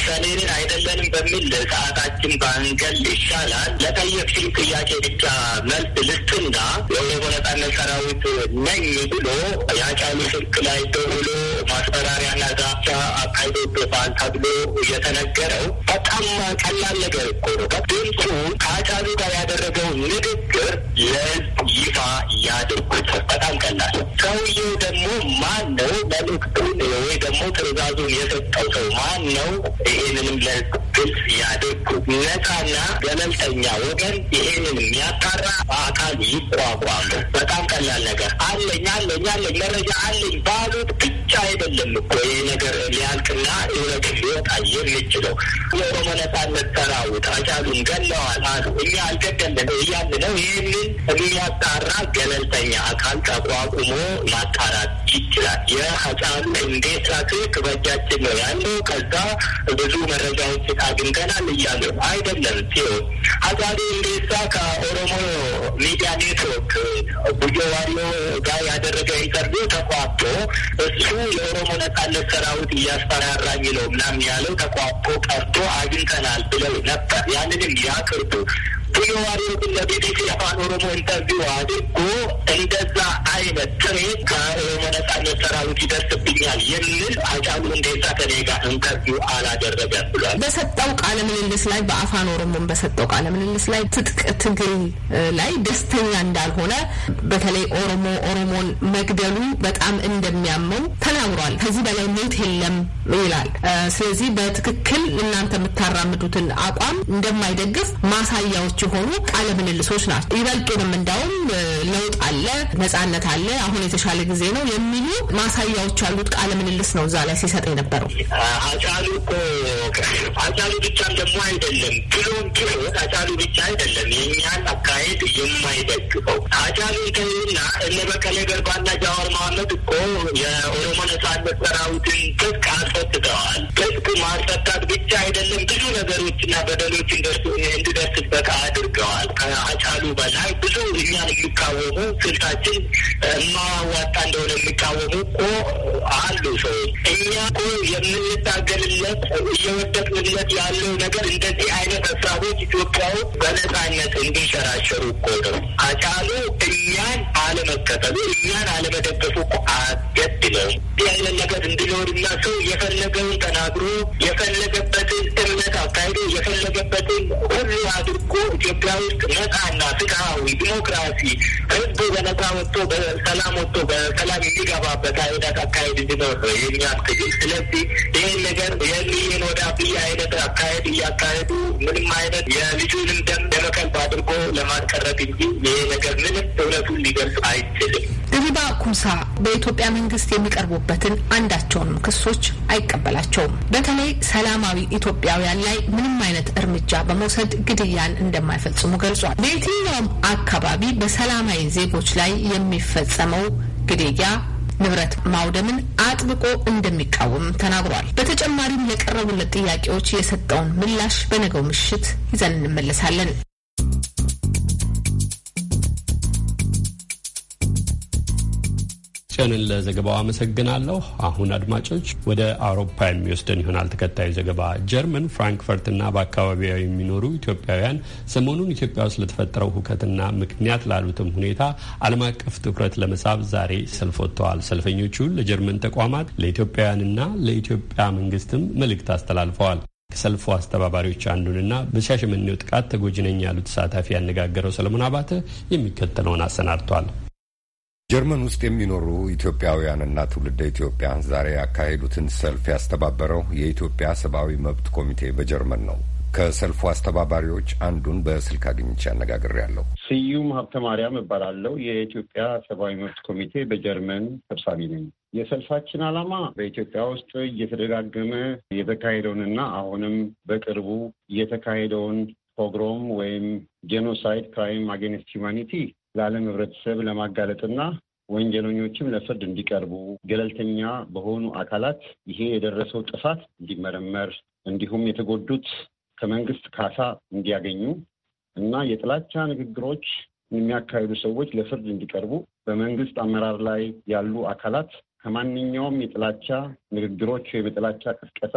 ሸኔንን አይደለንም በሚል ሰዓታችን ባንገል ይሻላል። ለጠየቅሽኝ ጥያቄ ብቻ መልስ ልስጥና የኦሮሞ ነጻነት ሰራዊት ነኝ ብሎ የአጫሉ ስልክ ላይ ደውሎ ማስፈራሪያና ዛቻ አካሂዶብሃል ተብሎ እየተነገረው በጣም ቀላል ነገር እኮ ነው። ድምፁ ከአጫሉ ጋር ያደረገው ንግግር ለህዝብ ይፋ ያድርጉት። በጣም ቀላል ሰውዬው ደግሞ ማን ነው መልእክቱን ወይ ደግሞ ትዕዛዙን የሰጠው ሰው ማን ነው? ይሄንንም ለህዝብ ያድርጉ። ነፃና ገለልተኛ ወገን ይሄንን የሚያጣራ በአካል ይቋቋሙ። በጣም ቀላል ነገር አለኝ አለኝ አለኝ መረጃ አለኝ ባሉት ብቻ አይደለም እኮ ይህ ነገር ሊያልቅና እውነት ሊወጣ የሚችለው። የኦሮሞ ነጻነት ሰራዊት አጫሉን ገለዋል አሉ እኛ አልገደለን እያልን ነው። ይህንን የሚያጣራ ገለልተኛ አካል ተቋቁሞ ማጣራት ይችላል። የህፃኑ እንዴት ላክክ በእጃችን ነው ያለው። ከዛ ብዙ መረጃዎች አግኝተናል እያሉ አይደለም ሲሆ ህፃኑ እንዴሳ ከኦሮሞ ሚዲያ ኔትወርክ ጉጆ ዋሎ ጋር ያደረገ ኢንተርቪው ተቋቶ እሱ የኦሮሞ ነጻነት ሰራዊት እያስፈራራኝ ነው ምናምን ያለው ተቋቶ ቀርቶ አግኝተናል ብለው ነበር። ያንንም ያቅርቡ ፊዮዋዴትን ለቢቢሲ አፋን ኦሮሞ ኢንተርቪው አድርጎ እንደዛ አይነት ትሬ ከኦሮሞ ነጻነት ሰራዊት ይደርስብኛል የሚል አጫሉ እንደዛ ከኔ ጋር ኢንተርቪው አላደረገም ብሏል። በሰጠው ቃለ ምልልስ ላይ በአፋን ኦሮሞን በሰጠው ቃለ ምልልስ ላይ ትጥቅ ትግል ላይ ደስተኛ እንዳልሆነ በተለይ ኦሮሞ ኦሮሞን መግደሉ በጣም እንደሚያመው ተናግሯል። ከዚህ በላይ ሞት የለም ይላል። ስለዚህ በትክክል እናንተ የምታራምዱትን አቋም እንደማይደግፍ ማሳያዎች የሆኑ ቃለ ምልልሶች ናቸው። ይበልጡንም እንዳውም ለውጥ አለ፣ ነጻነት አለ፣ አሁን የተሻለ ጊዜ ነው የሚሉ ማሳያዎች ያሉት ቃለ ምልልስ ነው እዛ ላይ ሲሰጥ የነበረው። አጫሉ እኮ አጫሉ ብቻም ደግሞ አይደለም ብሎም ብሎ አጫሉ ብቻ አይደለም የእኛን አካሄድ የማይደግፈው አጫሉ ተይና እነ በቀለ ገርባና ጃዋር መሀመድ እኮ የኦሮሞ ነጻነት ሰራዊትን ትጥቅ አስፈትተዋል። ትጥቅ ማስፈታት ብቻ አይደለም ብዙ ነገሮችና በደሎች እንዲደርስበት አድርገዋል። ከአጫሉ በላይ ብዙ እኛን የሚቃወሙ ስልታችን ማዋጣ እንደሆነ የሚቃወሙ እኮ አሉ ሰዎች። እኛ እኮ የምንታገልለት እየወደቅንለት ያለው ነገር እንደዚህ አይነት ሀሳቦች ኢትዮጵያ ውስጥ በነጻነት እንዲሸራሸሩ እኮ ነው። አጫሉ እኛን አለመከተሉ እኛን አለመደገፉ እኮ አስገድለው ያለን ነገር እንዲኖርና ሰው የፈለገውን ተናግሮ የፈለገበትን እምነት አካሂዶ የፈለገበትን ሁሉ አድርጎ ኢትዮጵያ ውስጥ ነጻና ፍትሐዊ ዲሞክራሲ ህዝቡ በነጻ ወጥቶ በሰላም ወጥቶ በሰላም የሚገባበት አይነት አካሄድ እንዲኖር ነው ትግል። ስለዚህ ይህን ነገር የልየን ወደ አብይ አይነት አካሄድ እያካሄዱ ምንም አይነት የልጁንም ደም ለመቀልብ አድርጎ ለማስቀረት እንጂ ይሄ ነገር ምንም እውነቱን ሊገልጽ አይችልም። ድሪባ ኩምሳ በኢትዮጵያ መንግስት የሚቀርቡበትን አንዳቸውንም ክሶች አይቀበላቸውም። በተለይ ሰላማዊ ኢትዮጵያውያን ላይ ምንም አይነት እርምጃ በመውሰድ ግድያን እንደማይፈጽሙ ገልጿል። በየትኛውም አካባቢ በሰላማዊ ዜጎች ላይ የሚፈጸመው ግድያ ንብረት ማውደምን አጥብቆ እንደሚቃወም ተናግሯል። በተጨማሪም ለቀረቡለት ጥያቄዎች የሰጠውን ምላሽ በነገው ምሽት ይዘን እንመለሳለን። ጽዮንን ለዘገባው አመሰግናለሁ። አሁን አድማጮች ወደ አውሮፓ የሚወስደን ይሆናል ተከታዩ ዘገባ። ጀርመን ፍራንክፈርትና በአካባቢያ የሚኖሩ ኢትዮጵያውያን ሰሞኑን ኢትዮጵያ ውስጥ ለተፈጠረው ሁከትና ምክንያት ላሉትም ሁኔታ ዓለም አቀፍ ትኩረት ለመሳብ ዛሬ ሰልፍ ወጥተዋል። ሰልፈኞቹ ለጀርመን ተቋማት፣ ለኢትዮጵያውያንና ለኢትዮጵያ መንግስትም መልእክት አስተላልፈዋል። ከሰልፉ አስተባባሪዎች አንዱንና በሻሸመኔው ጥቃት ተጎጂ ነኝ ያሉ ተሳታፊ ያነጋገረው ሰለሞን አባተ የሚከተለውን አሰናድቷል። ጀርመን ውስጥ የሚኖሩ ኢትዮጵያውያንና ትውልደ ኢትዮጵያን ዛሬ ያካሄዱትን ሰልፍ ያስተባበረው የኢትዮጵያ ሰብአዊ መብት ኮሚቴ በጀርመን ነው። ከሰልፉ አስተባባሪዎች አንዱን በስልክ አግኝቼ አነጋግሬያለሁ። ስዩም ሀብተ ማርያም እባላለሁ። የኢትዮጵያ ሰብአዊ መብት ኮሚቴ በጀርመን ሰብሳቢ ነኝ። የሰልፋችን ዓላማ በኢትዮጵያ ውስጥ እየተደጋገመ የተካሄደውንና አሁንም በቅርቡ እየተካሄደውን ፖግሮም ወይም ጄኖሳይድ ክራይም አጌንስት ሂውማኒቲ ለዓለም ህብረተሰብ ለማጋለጥና ወንጀለኞችም ለፍርድ እንዲቀርቡ ገለልተኛ በሆኑ አካላት ይሄ የደረሰው ጥፋት እንዲመረመር እንዲሁም የተጎዱት ከመንግስት ካሳ እንዲያገኙ እና የጥላቻ ንግግሮች የሚያካሂዱ ሰዎች ለፍርድ እንዲቀርቡ በመንግስት አመራር ላይ ያሉ አካላት ከማንኛውም የጥላቻ ንግግሮች ወይም የጥላቻ ቅስቀሳ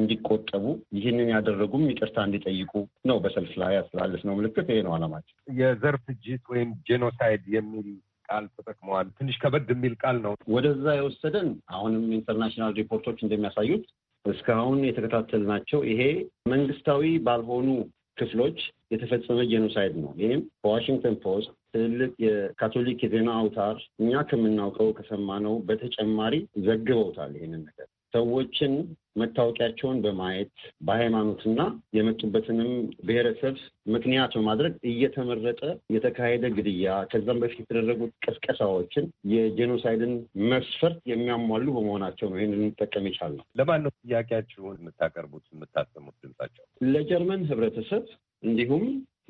እንዲቆጠቡ ይህንን ያደረጉም ይቅርታ እንዲጠይቁ ነው። በሰልፍ ላይ ያስተላለፍ ነው ምልክት ይሄ ነው አላማቸው። የዘር ፍጅት ወይም ጄኖሳይድ የሚል ቃል ተጠቅመዋል። ትንሽ ከበድ የሚል ቃል ነው ወደዛ የወሰደን። አሁንም ኢንተርናሽናል ሪፖርቶች እንደሚያሳዩት እስካሁን የተከታተል ናቸው ይሄ መንግስታዊ ባልሆኑ ክፍሎች የተፈጸመ ጄኖሳይድ ነው። ይህም በዋሽንግተን ፖስት ትልቅ የካቶሊክ የዜና አውታር እኛ ከምናውቀው ከሰማነው በተጨማሪ ዘግበውታል። ይህንን ነገር ሰዎችን መታወቂያቸውን በማየት በሃይማኖትና የመጡበትንም ብሔረሰብ ምክንያት በማድረግ እየተመረጠ የተካሄደ ግድያ ከዛም በፊት የተደረጉት ቀስቀሳዎችን የጄኖሳይድን መስፈርት የሚያሟሉ በመሆናቸው ነው ጠቀም ይቻል ነው። ለማን ነው ጥያቄያችሁን የምታቀርቡት የምታሰሙት ድምጻቸው? ለጀርመን ህብረተሰብ እንዲሁም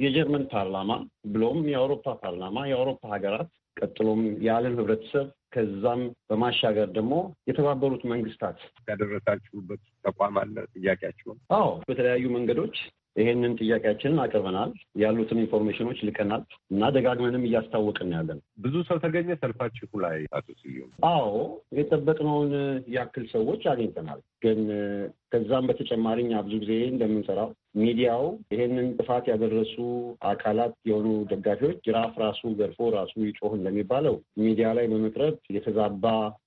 የጀርመን ፓርላማ ብሎም የአውሮፓ ፓርላማ፣ የአውሮፓ ሀገራት ቀጥሎም የዓለም ህብረተሰብ ከዛም በማሻገር ደግሞ የተባበሩት መንግስታት ያደረሳችሁበት ተቋም አለ ጥያቄያችሁን? አዎ፣ በተለያዩ መንገዶች ይሄንን ጥያቄያችንን አቅርበናል። ያሉትን ኢንፎርሜሽኖች ልከናል እና ደጋግመንም እያስታወቅን ያለን። ብዙ ሰው ተገኘ ሰልፋችሁ ላይ አቶ ስዩም? አዎ የጠበቅነውን ያክል ሰዎች አግኝተናል። ግን ከዛም በተጨማሪ እኛ ብዙ ጊዜ እንደምንሰራው ሚዲያው ይሄንን ጥፋት ያደረሱ አካላት የሆኑ ደጋፊዎች ጅራፍ ራሱ ገርፎ ራሱ ይጮህ እንደሚባለው ሚዲያ ላይ በመቅረብ የተዛባ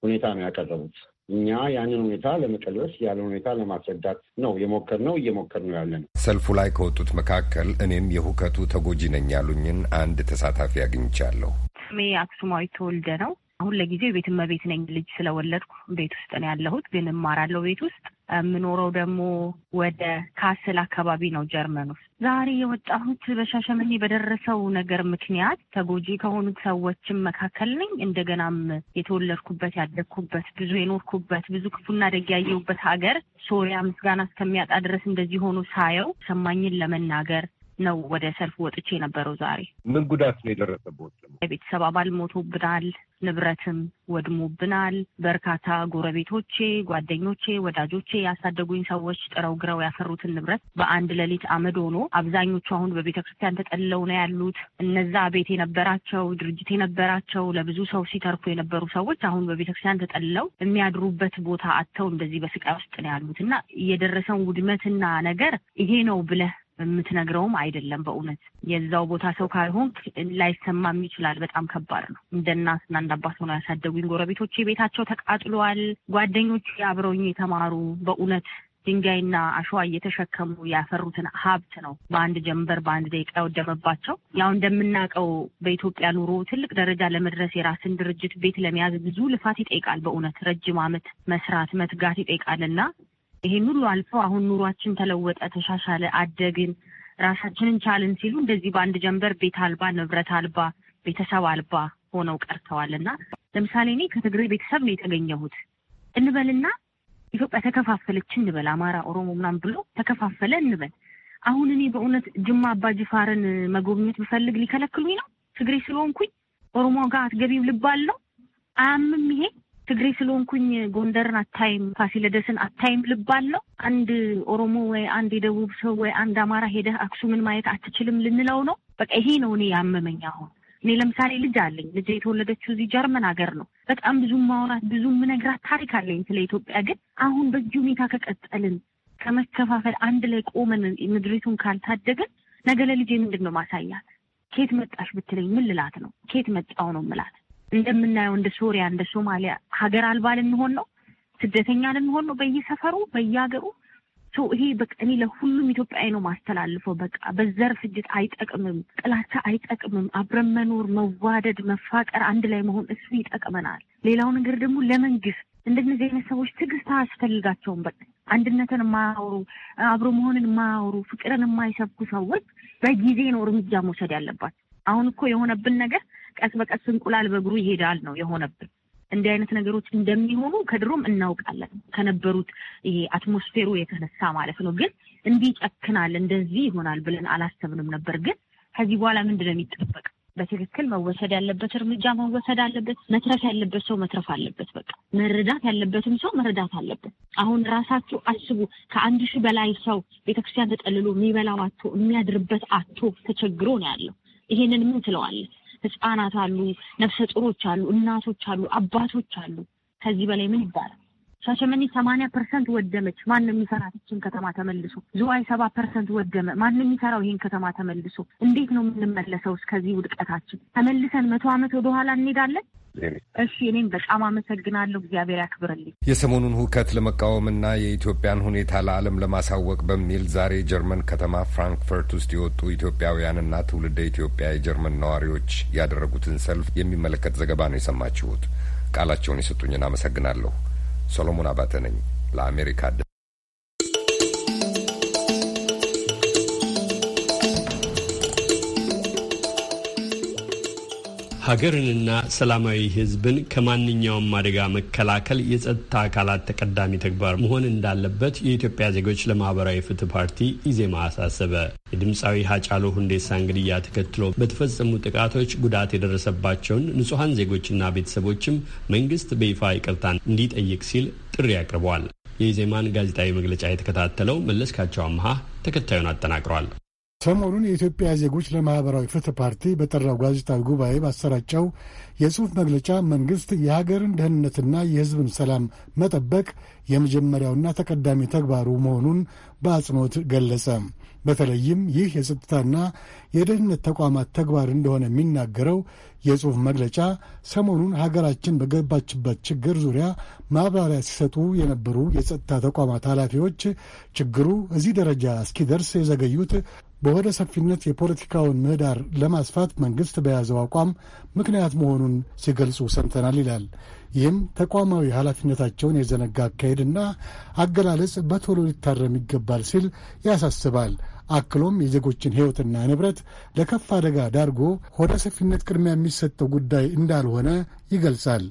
ሁኔታ ነው ያቀረቡት። እኛ ያንን ሁኔታ ለመቀልበስ ያለ ሁኔታ ለማስረዳት ነው የሞከር ነው እየሞከር ነው ያለ ነው። ሰልፉ ላይ ከወጡት መካከል እኔም የሁከቱ ተጎጂ ነኝ ያሉኝን አንድ ተሳታፊ አግኝቻለሁ። ስሜ አክሱማዊ ተወልደ ነው። አሁን ለጊዜው የቤት እመቤት ነኝ። ልጅ ስለወለድኩ ቤት ውስጥ ነው ያለሁት፣ ግን እማራለሁ ቤት ውስጥ የምኖረው ደግሞ ወደ ካስል አካባቢ ነው ጀርመን ውስጥ። ዛሬ የወጣሁት በሻሸመኔ በደረሰው ነገር ምክንያት ተጎጂ ከሆኑት ሰዎችም መካከል ነኝ። እንደገናም የተወለድኩበት ያደግኩበት፣ ብዙ የኖርኩበት፣ ብዙ ክፉና ደግ ያየሁበት ሀገር ሶሪያ ምስጋና እስከሚያጣ ድረስ እንደዚህ ሆኖ ሳየው ሰማኝን ለመናገር ነው ወደ ሰልፍ ወጥቼ የነበረው። ዛሬ ምን ጉዳት ነው የደረሰበት? የቤተሰብ አባል ሞቶብናል፣ ንብረትም ወድሞብናል። በርካታ ጎረቤቶቼ፣ ጓደኞቼ፣ ወዳጆቼ ያሳደጉኝ ሰዎች ጥረው ግረው ያፈሩትን ንብረት በአንድ ሌሊት አመድ ሆኖ አብዛኞቹ አሁን በቤተ ክርስቲያን ተጠልለው ነው ያሉት። እነዛ ቤት የነበራቸው ድርጅት የነበራቸው ለብዙ ሰው ሲተርፉ የነበሩ ሰዎች አሁን በቤተ ክርስቲያን ተጠልለው የሚያድሩበት ቦታ አጥተው እንደዚህ በስቃይ ውስጥ ነው ያሉት እና የደረሰውን ውድመትና ነገር ይሄ ነው ብለህ የምትነግረውም አይደለም። በእውነት የዛው ቦታ ሰው ካልሆን ላይሰማም ይችላል። በጣም ከባድ ነው። እንደ እናትና እንደ አባት ሆነው ያሳደጉኝ ጎረቤቶች ቤታቸው ተቃጥሏል። ጓደኞች አብረውኝ የተማሩ በእውነት ድንጋይና አሸዋ እየተሸከሙ ያፈሩትን ሀብት ነው በአንድ ጀንበር በአንድ ደቂቃ የወደመባቸው። ያው እንደምናውቀው በኢትዮጵያ ኑሮ ትልቅ ደረጃ ለመድረስ የራስን ድርጅት ቤት ለመያዝ ብዙ ልፋት ይጠይቃል። በእውነት ረጅም ዓመት መስራት መትጋት ይጠይቃልና ይሄን ሁሉ አልፎ አሁን ኑሯችን ተለወጠ፣ ተሻሻለ፣ አደግን፣ ራሳችንን ቻልን ሲሉ እንደዚህ በአንድ ጀንበር ቤት አልባ፣ ንብረት አልባ፣ ቤተሰብ አልባ ሆነው ቀርተዋል እና ለምሳሌ እኔ ከትግሬ ቤተሰብ ነው የተገኘሁት እንበልና ኢትዮጵያ ተከፋፈለች እንበል፣ አማራ፣ ኦሮሞ ምናምን ብሎ ተከፋፈለ እንበል። አሁን እኔ በእውነት ጅማ ጅፋርን መጎብኘት ብፈልግ ሊከለክሉኝ ነው? ትግሬ ስለሆንኩኝ ኦሮሞ ጋር አትገቢም ልባል ነው? አያምም ይሄ ትግሬ ስለሆንኩኝ ጎንደርን አታይም፣ ፋሲለደስን አታይም ልባለው። አንድ ኦሮሞ ወይ አንድ የደቡብ ሰው ወይ አንድ አማራ ሄደህ አክሱምን ማየት አትችልም ልንለው ነው። በቃ ይሄ ነው እኔ ያመመኝ አሁን እኔ ለምሳሌ ልጅ አለኝ። ልጅ የተወለደችው እዚህ ጀርመን ሀገር ነው። በጣም ብዙ ማውራት ብዙ ምነግራት ታሪክ አለኝ ስለ ኢትዮጵያ። ግን አሁን በዚህ ሁኔታ ከቀጠልን፣ ከመከፋፈል አንድ ላይ ቆመን ምድሪቱን ካልታደግን ነገ ለልጄ ምንድን ነው ማሳያት? ኬት መጣሽ ብትለኝ ምን ልላት ነው? ኬት መጣው ነው ምላት? እንደምናየው እንደ ሶሪያ እንደ ሶማሊያ ሀገር አልባ ልንሆን ነው፣ ስደተኛ ልንሆን ነው በየሰፈሩ በየሀገሩ። ይሄ በቃ እኔ ለሁሉም ኢትዮጵያዊ ነው ማስተላልፈው። በቃ በዘር ፍጅት አይጠቅምም፣ ጥላቻ አይጠቅምም። አብረን መኖር፣ መዋደድ፣ መፋቀር፣ አንድ ላይ መሆን እሱ ይጠቅመናል። ሌላው ነገር ደግሞ ለመንግስት እንደነዚህ አይነት ሰዎች ትዕግስት አያስፈልጋቸውም። በቃ አንድነትን የማያወሩ አብሮ መሆንን የማያወሩ ፍቅርን የማይሰብኩ ሰዎች በጊዜ ነው እርምጃ መውሰድ ያለባቸው። አሁን እኮ የሆነብን ነገር ቀስ በቀስ እንቁላል በእግሩ ይሄዳል ነው የሆነብን። እንዲህ አይነት ነገሮች እንደሚሆኑ ከድሮም እናውቃለን፣ ከነበሩት ይሄ አትሞስፌሩ የተነሳ ማለት ነው። ግን እንዲህ ጨክናል፣ እንደዚህ ይሆናል ብለን አላሰብንም ነበር። ግን ከዚህ በኋላ ምንድን ነው የሚጠበቅ? በትክክል መወሰድ ያለበት እርምጃ መወሰድ አለበት። መትረፍ ያለበት ሰው መትረፍ አለበት። በቃ መረዳት ያለበትም ሰው መረዳት አለበት። አሁን ራሳችሁ አስቡ። ከአንድ ሺህ በላይ ሰው ቤተክርስቲያን ተጠልሎ የሚበላው አቶ የሚያድርበት አቶ ተቸግሮ ነው ያለው። ይሄንን ምን ትለዋለን? ህፃናት አሉ፣ ነፍሰ ጡሮች አሉ፣ እናቶች አሉ፣ አባቶች አሉ። ከዚህ በላይ ምን ይባላል? ሻሸመኔ ሰማንያ ፐርሰንት ወደመች። ማን የሚሰራት ይችን ከተማ ተመልሶ? ዝዋይ ሰባ ፐርሰንት ወደመ። ማን የሚሰራው ይህን ከተማ ተመልሶ? እንዴት ነው የምንመለሰው? እስከዚህ ውድቀታችን ተመልሰን መቶ ዓመት ወደኋላ እንሄዳለን? እሺ፣ እኔም በጣም አመሰግናለሁ። እግዚአብሔር ያክብርልኝ። የሰሞኑን ሁከት ለመቃወምና የኢትዮጵያን ሁኔታ ለዓለም ለማሳወቅ በሚል ዛሬ ጀርመን ከተማ ፍራንክፈርት ውስጥ የወጡ ኢትዮጵያውያንና ትውልደ ኢትዮጵያ የጀርመን ነዋሪዎች ያደረጉትን ሰልፍ የሚመለከት ዘገባ ነው የሰማችሁት። ቃላቸውን የሰጡኝን አመሰግናለሁ። ሰሎሞን አባተ ነኝ ለአሜሪካ ሀገርንና ሰላማዊ ሕዝብን ከማንኛውም አደጋ መከላከል የጸጥታ አካላት ተቀዳሚ ተግባር መሆን እንዳለበት የኢትዮጵያ ዜጎች ለማህበራዊ ፍትህ ፓርቲ ኢዜማ አሳሰበ። የድምፃዊ ሀጫሉ ሁንዴሳን ግድያ ተከትሎ በተፈጸሙ ጥቃቶች ጉዳት የደረሰባቸውን ንጹሐን ዜጎችና ቤተሰቦችም መንግስት በይፋ ይቅርታን እንዲጠይቅ ሲል ጥሪ አቅርበዋል። የኢዜማን ጋዜጣዊ መግለጫ የተከታተለው መለስካቸው አምሃ ተከታዩን አጠናቅሯል። ሰሞኑን የኢትዮጵያ ዜጎች ለማህበራዊ ፍትህ ፓርቲ በጠራው ጋዜጣዊ ጉባኤ ባሰራጨው የጽሑፍ መግለጫ መንግሥት የሀገርን ደህንነትና የሕዝብን ሰላም መጠበቅ የመጀመሪያውና ተቀዳሚ ተግባሩ መሆኑን በአጽንኦት ገለጸ። በተለይም ይህ የጸጥታና የደህንነት ተቋማት ተግባር እንደሆነ የሚናገረው የጽሑፍ መግለጫ ሰሞኑን ሀገራችን በገባችበት ችግር ዙሪያ ማብራሪያ ሲሰጡ የነበሩ የጸጥታ ተቋማት ኃላፊዎች ችግሩ እዚህ ደረጃ እስኪደርስ የዘገዩት በወደ ሰፊነት የፖለቲካውን ምህዳር ለማስፋት መንግሥት በያዘው አቋም ምክንያት መሆኑን ሲገልጹ ሰምተናል ይላል። ይህም ተቋማዊ ኃላፊነታቸውን የዘነጋ አካሄድና አገላለጽ በቶሎ ሊታረም ይገባል ሲል ያሳስባል። አክሎም የዜጎችን ሕይወትና ንብረት ለከፍ አደጋ ዳርጎ ሆደ ሰፊነት ቅድሚያ የሚሰጠው ጉዳይ እንዳልሆነ ይገልጻል።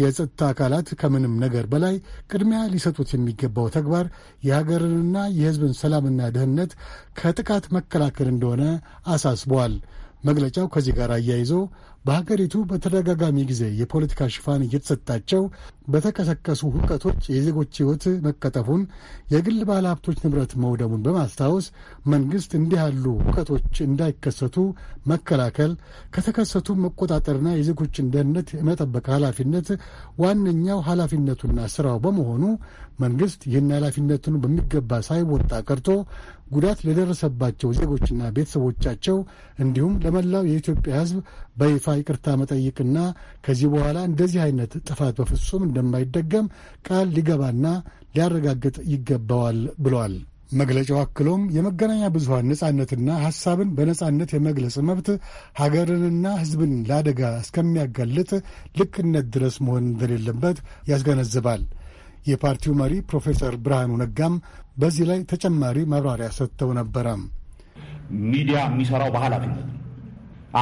የጸጥታ አካላት ከምንም ነገር በላይ ቅድሚያ ሊሰጡት የሚገባው ተግባር የሀገርንና የሕዝብን ሰላምና ደህንነት ከጥቃት መከላከል እንደሆነ አሳስበዋል። መግለጫው ከዚህ ጋር አያይዞ በሀገሪቱ በተደጋጋሚ ጊዜ የፖለቲካ ሽፋን እየተሰጣቸው በተቀሰቀሱ ሁከቶች የዜጎች ሕይወት መቀጠፉን፣ የግል ባለ ሀብቶች ንብረት መውደሙን በማስታወስ መንግሥት እንዲህ ያሉ ሁከቶች እንዳይከሰቱ መከላከል፣ ከተከሰቱ መቆጣጠርና የዜጎችን ደህንነት የመጠበቅ ኃላፊነት ዋነኛው ኃላፊነቱና ስራው በመሆኑ መንግስት ይህን ኃላፊነቱን በሚገባ ሳይወጣ ቀርቶ ጉዳት ለደረሰባቸው ዜጎችና ቤተሰቦቻቸው እንዲሁም ለመላው የኢትዮጵያ ሕዝብ በይፋ ይቅርታ መጠይቅና ከዚህ በኋላ እንደዚህ አይነት ጥፋት በፍጹም እንደማይደገም ቃል ሊገባና ሊያረጋግጥ ይገባዋል ብሏል። መግለጫው አክሎም የመገናኛ ብዙሀን ነጻነትና ሐሳብን በነጻነት የመግለጽ መብት ሀገርንና ሕዝብን ለአደጋ እስከሚያጋልጥ ልክነት ድረስ መሆን እንደሌለበት ያስገነዝባል። የፓርቲው መሪ ፕሮፌሰር ብርሃኑ ነጋም በዚህ ላይ ተጨማሪ ማብራሪያ ሰጥተው ነበረ። ሚዲያ የሚሰራው በኃላፊነት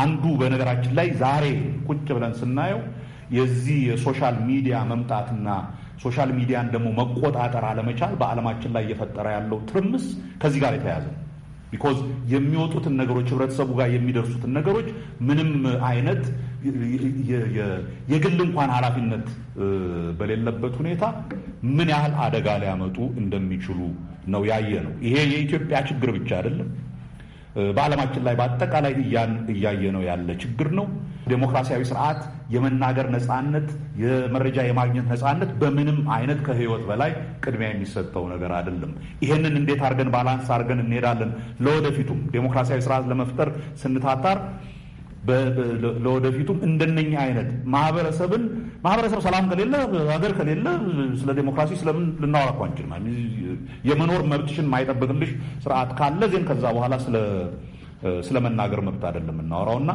አንዱ በነገራችን ላይ ዛሬ ቁጭ ብለን ስናየው የዚህ የሶሻል ሚዲያ መምጣትና ሶሻል ሚዲያን ደግሞ መቆጣጠር አለመቻል በዓለማችን ላይ እየፈጠረ ያለው ትርምስ ከዚህ ጋር የተያያዘ ነው። ቢኮዝ የሚወጡትን ነገሮች ህብረተሰቡ ጋር የሚደርሱትን ነገሮች ምንም አይነት የግል እንኳን ኃላፊነት በሌለበት ሁኔታ ምን ያህል አደጋ ሊያመጡ እንደሚችሉ ነው ያየ ነው። ይሄ የኢትዮጵያ ችግር ብቻ አይደለም። በዓለማችን ላይ በአጠቃላይ እያየ ነው ያለ ችግር ነው። ዴሞክራሲያዊ ስርዓት የመናገር ነፃነት፣ የመረጃ የማግኘት ነፃነት በምንም አይነት ከህይወት በላይ ቅድሚያ የሚሰጠው ነገር አይደለም። ይሄንን እንዴት አድርገን ባላንስ አድርገን እንሄዳለን? ለወደፊቱም ዴሞክራሲያዊ ስርዓት ለመፍጠር ስንታታር ለወደፊቱም እንደነኛ አይነት ማህበረሰብን ማህበረሰብ ሰላም ከሌለ ሀገር ከሌለ ስለ ዴሞክራሲ ስለምን ልናወራ እኮ አንችልም። የመኖር መብትሽን የማይጠብቅልሽ ስርዓት ካለ ዜን ከዛ በኋላ ስለ መናገር መብት አይደለም የምናወራው እና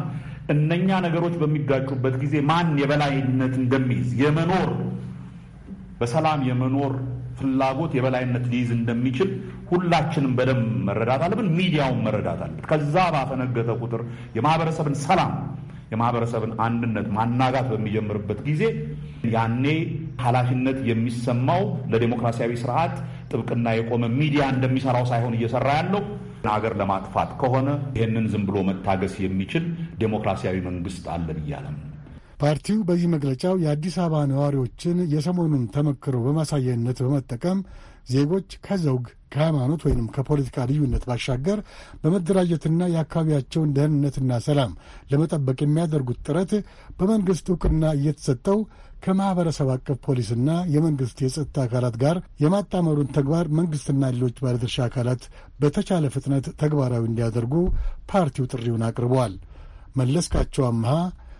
እነኛ ነገሮች በሚጋጩበት ጊዜ ማን የበላይነት እንደሚይዝ የመኖር በሰላም የመኖር ፍላጎት የበላይነት ሊይዝ እንደሚችል ሁላችንም በደንብ መረዳት አለብን። ሚዲያውን መረዳት አለብን። ከዛ ባፈነገጠ ቁጥር የማህበረሰብን ሰላም የማህበረሰብን አንድነት ማናጋት በሚጀምርበት ጊዜ ያኔ ኃላፊነት የሚሰማው ለዴሞክራሲያዊ ስርዓት ጥብቅና የቆመ ሚዲያ እንደሚሰራው ሳይሆን እየሰራ ያለው አገር ለማጥፋት ከሆነ ይህንን ዝም ብሎ መታገስ የሚችል ዴሞክራሲያዊ መንግስት አለን እያለም ፓርቲው በዚህ መግለጫው የአዲስ አበባ ነዋሪዎችን የሰሞኑን ተመክሮ በማሳየነት በመጠቀም ዜጎች ከዘውግ ከሃይማኖት ወይንም ከፖለቲካ ልዩነት ባሻገር በመደራጀትና የአካባቢያቸውን ደህንነትና ሰላም ለመጠበቅ የሚያደርጉት ጥረት በመንግሥት እውቅና እየተሰጠው ከማኅበረሰብ አቀፍ ፖሊስና የመንግሥት የጸጥታ አካላት ጋር የማጣመሩን ተግባር መንግሥትና ሌሎች ባለድርሻ አካላት በተቻለ ፍጥነት ተግባራዊ እንዲያደርጉ ፓርቲው ጥሪውን አቅርበዋል። መለስካቸው አምሃ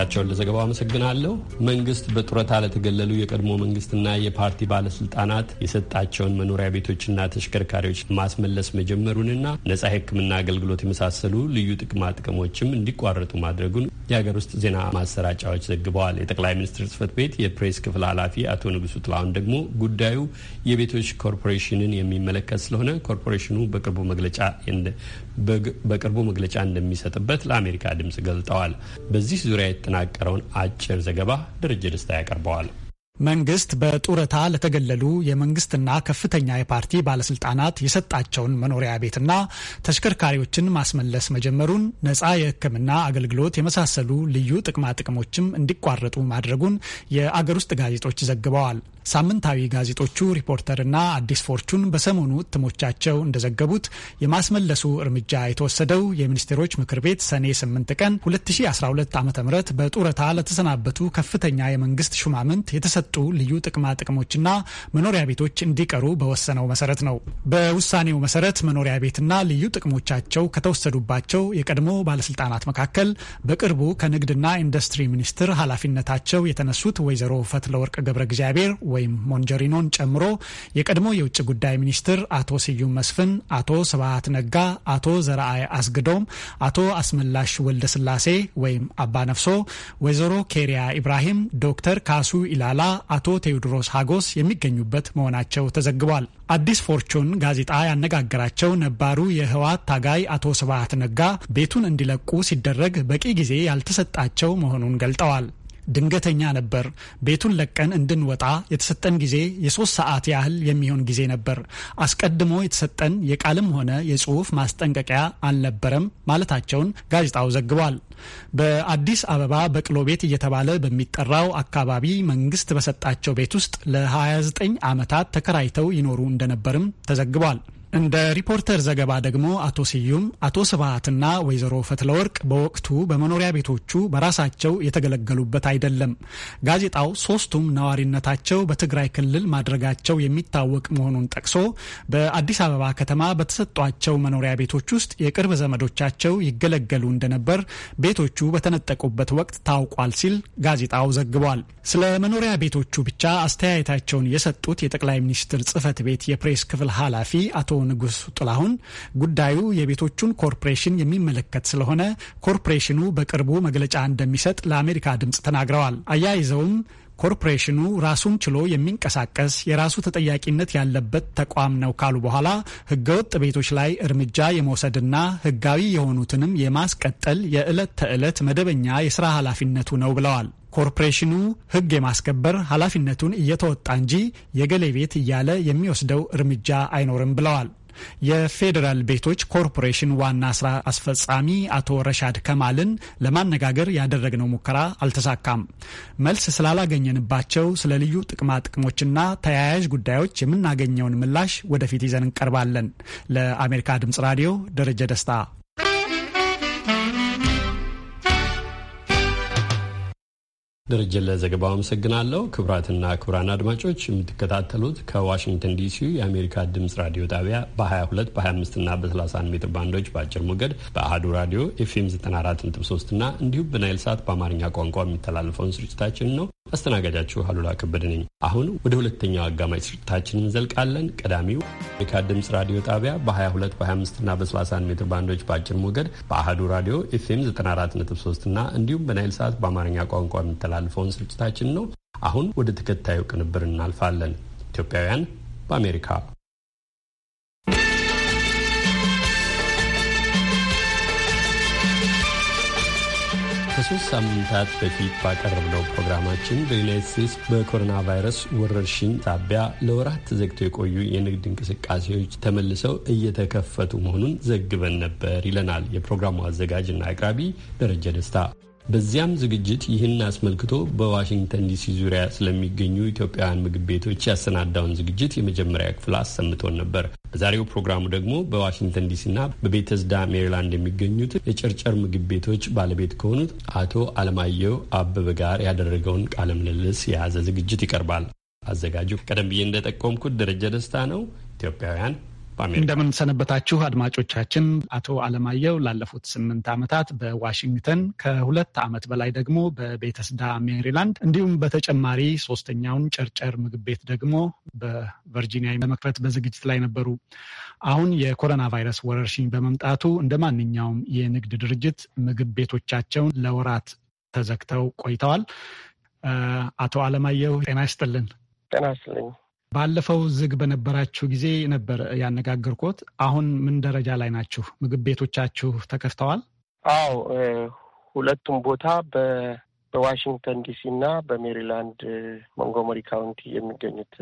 ጌታቸውን ለዘገባው አመሰግናለሁ። መንግስት በጡረታ ለተገለሉ የቀድሞ መንግስትና የፓርቲ ባለስልጣናት የሰጣቸውን መኖሪያ ቤቶችና ተሽከርካሪዎች ማስመለስ መጀመሩንና ነጻ የሕክምና አገልግሎት የመሳሰሉ ልዩ ጥቅማ ጥቅሞችም እንዲቋረጡ ማድረጉን የሀገር ውስጥ ዜና ማሰራጫዎች ዘግበዋል። የጠቅላይ ሚኒስትር ጽህፈት ቤት የፕሬስ ክፍል ኃላፊ አቶ ንጉሱ ጥላሁን ደግሞ ጉዳዩ የቤቶች ኮርፖሬሽንን የሚመለከት ስለሆነ ኮርፖሬሽኑ በቅርቡ መግለጫ በቅርቡ መግለጫ እንደሚሰጥበት ለአሜሪካ ድምጽ ገልጠዋል። በዚህ ዙሪያ የተጠናቀረውን አጭር ዘገባ ደረጀ ደስታ ያቀርበዋል። መንግስት በጡረታ ለተገለሉ የመንግስትና ከፍተኛ የፓርቲ ባለስልጣናት የሰጣቸውን መኖሪያ ቤትና ተሽከርካሪዎችን ማስመለስ መጀመሩን፣ ነፃ የሕክምና አገልግሎት የመሳሰሉ ልዩ ጥቅማ ጥቅሞችም እንዲቋረጡ ማድረጉን የአገር ውስጥ ጋዜጦች ዘግበዋል። ሳምንታዊ ጋዜጦቹ ሪፖርተርና አዲስ ፎርቹን በሰሞኑ እትሞቻቸው እንደዘገቡት የማስመለሱ እርምጃ የተወሰደው የሚኒስቴሮች ምክር ቤት ሰኔ 8 ቀን 2012 ዓ ም በጡረታ ለተሰናበቱ ከፍተኛ የመንግስት ሹማምንት የተሰጡ ልዩ ጥቅማ ጥቅሞችና መኖሪያ ቤቶች እንዲቀሩ በወሰነው መሰረት ነው። በውሳኔው መሰረት መኖሪያ ቤትና ልዩ ጥቅሞቻቸው ከተወሰዱባቸው የቀድሞ ባለስልጣናት መካከል በቅርቡ ከንግድና ኢንዱስትሪ ሚኒስትር ኃላፊነታቸው የተነሱት ወይዘሮ ፈትለወርቅ ገብረ እግዚአብሔር ወይም ሞንጀሪኖን ጨምሮ የቀድሞ የውጭ ጉዳይ ሚኒስትር አቶ ስዩም መስፍን፣ አቶ ስብሀት ነጋ፣ አቶ ዘርአይ አስግዶም፣ አቶ አስመላሽ ወልደስላሴ ወይም አባ ነፍሶ፣ ወይዘሮ ኬሪያ ኢብራሂም፣ ዶክተር ካሱ ኢላላ፣ አቶ ቴዎድሮስ ሀጎስ የሚገኙበት መሆናቸው ተዘግቧል። አዲስ ፎርቹን ጋዜጣ ያነጋገራቸው ነባሩ የህወሓት ታጋይ አቶ ስብሀት ነጋ ቤቱን እንዲለቁ ሲደረግ በቂ ጊዜ ያልተሰጣቸው መሆኑን ገልጠዋል። ድንገተኛ ነበር። ቤቱን ለቀን እንድንወጣ የተሰጠን ጊዜ የሶስት ሰዓት ያህል የሚሆን ጊዜ ነበር። አስቀድሞ የተሰጠን የቃልም ሆነ የጽሁፍ ማስጠንቀቂያ አልነበረም ማለታቸውን ጋዜጣው ዘግቧል። በአዲስ አበባ በቅሎ ቤት እየተባለ በሚጠራው አካባቢ መንግስት በሰጣቸው ቤት ውስጥ ለ29 ዓመታት ተከራይተው ይኖሩ እንደነበርም ተዘግቧል። እንደ ሪፖርተር ዘገባ ደግሞ አቶ ስዩም፣ አቶ ስብሀትና ወይዘሮ ፈትለወርቅ በወቅቱ በመኖሪያ ቤቶቹ በራሳቸው የተገለገሉበት አይደለም። ጋዜጣው ሶስቱም ነዋሪነታቸው በትግራይ ክልል ማድረጋቸው የሚታወቅ መሆኑን ጠቅሶ በአዲስ አበባ ከተማ በተሰጧቸው መኖሪያ ቤቶች ውስጥ የቅርብ ዘመዶቻቸው ይገለገሉ እንደነበር ቤቶቹ በተነጠቁበት ወቅት ታውቋል ሲል ጋዜጣው ዘግቧል። ስለ መኖሪያ ቤቶቹ ብቻ አስተያየታቸውን የሰጡት የጠቅላይ ሚኒስትር ጽህፈት ቤት የፕሬስ ክፍል ኃላፊ አቶ ንጉስ ጥላሁን ጉዳዩ የቤቶቹን ኮርፖሬሽን የሚመለከት ስለሆነ ኮርፖሬሽኑ በቅርቡ መግለጫ እንደሚሰጥ ለአሜሪካ ድምፅ ተናግረዋል። አያይዘውም ኮርፖሬሽኑ ራሱን ችሎ የሚንቀሳቀስ የራሱ ተጠያቂነት ያለበት ተቋም ነው ካሉ በኋላ ሕገወጥ ቤቶች ላይ እርምጃ የመውሰድና ህጋዊ የሆኑትንም የማስቀጠል የዕለት ተዕለት መደበኛ የስራ ኃላፊነቱ ነው ብለዋል። ኮርፖሬሽኑ ሕግ የማስከበር ኃላፊነቱን እየተወጣ እንጂ የገሌ ቤት እያለ የሚወስደው እርምጃ አይኖርም ብለዋል። የፌዴራል ቤቶች ኮርፖሬሽን ዋና ስራ አስፈጻሚ አቶ ረሻድ ከማልን ለማነጋገር ያደረግነው ሙከራ አልተሳካም። መልስ ስላላገኘንባቸው ስለ ልዩ ጥቅማ ጥቅሞችና ተያያዥ ጉዳዮች የምናገኘውን ምላሽ ወደፊት ይዘን እንቀርባለን። ለአሜሪካ ድምጽ ራዲዮ ደረጀ ደስታ ደረጀ፣ ለዘገባው አመሰግናለሁ። ክቡራትና ክቡራን አድማጮች የምትከታተሉት ከዋሽንግተን ዲሲ የአሜሪካ ድምጽ ራዲዮ ጣቢያ በ22 በ25ና በ31 ሜትር ባንዶች በአጭር ሞገድ በአህዱ ራዲዮ ኤፍኤም 94.3 እና እንዲሁም በናይል ሳት በአማርኛ ቋንቋ የሚተላለፈውን ስርጭታችን ነው። አስተናጋጃችሁ አሉላ ከበደ ነኝ። አሁን ወደ ሁለተኛው አጋማሽ ስርጭታችን እንዘልቃለን። ቀዳሚው የአሜሪካ ድምጽ ራዲዮ ጣቢያ በ22 በ25ና በ31 ሜትር ባንዶች በአጭር ሞገድ በአህዱ ራዲዮ ኤፍኤም 94.3 እና እንዲሁም በናይል ሳት በአማርኛ ቋንቋ የሚተላለፈ ያስተላልፈውን ስርጭታችን ነው። አሁን ወደ ተከታዩ ቅንብር እናልፋለን። ኢትዮጵያውያን በአሜሪካ ከሶስት ሳምንታት በፊት ባቀረብነው ፕሮግራማችን በዩናይት ስቴትስ በኮሮና ቫይረስ ወረርሽኝ ሳቢያ ለወራት ተዘግተው የቆዩ የንግድ እንቅስቃሴዎች ተመልሰው እየተከፈቱ መሆኑን ዘግበን ነበር ይለናል የፕሮግራሙ አዘጋጅና አቅራቢ ደረጀ ደስታ። በዚያም ዝግጅት ይህን አስመልክቶ በዋሽንግተን ዲሲ ዙሪያ ስለሚገኙ ኢትዮጵያውያን ምግብ ቤቶች ያሰናዳውን ዝግጅት የመጀመሪያ ክፍል አሰምቶን ነበር። በዛሬው ፕሮግራሙ ደግሞ በዋሽንግተን ዲሲና በቤተዝዳ ሜሪላንድ የሚገኙት የጨርጨር ምግብ ቤቶች ባለቤት ከሆኑት አቶ አለማየሁ አበበ ጋር ያደረገውን ቃለ ምልልስ የያዘ ዝግጅት ይቀርባል። አዘጋጁ ቀደም ብዬ እንደጠቆምኩት ደረጀ ደስታ ነው። ኢትዮጵያውያን እንደምን ሰነበታችሁ አድማጮቻችን። አቶ አለማየሁ ላለፉት ስምንት ዓመታት በዋሽንግተን ከሁለት ዓመት በላይ ደግሞ በቤተስዳ ሜሪላንድ፣ እንዲሁም በተጨማሪ ሶስተኛውን ጨርጨር ምግብ ቤት ደግሞ በቨርጂኒያ ለመክፈት በዝግጅት ላይ ነበሩ። አሁን የኮሮና ቫይረስ ወረርሽኝ በመምጣቱ እንደ ማንኛውም የንግድ ድርጅት ምግብ ቤቶቻቸውን ለወራት ተዘግተው ቆይተዋል። አቶ አለማየሁ ጤና ይስጥልን። ጤና ይስጥልኝ። ባለፈው ዝግ በነበራችሁ ጊዜ ነበር ያነጋገርኩት። አሁን ምን ደረጃ ላይ ናችሁ? ምግብ ቤቶቻችሁ ተከፍተዋል? አዎ፣ ሁለቱም ቦታ በዋሽንግተን ዲሲ እና በሜሪላንድ ሞንጎመሪ ካውንቲ የሚገኙት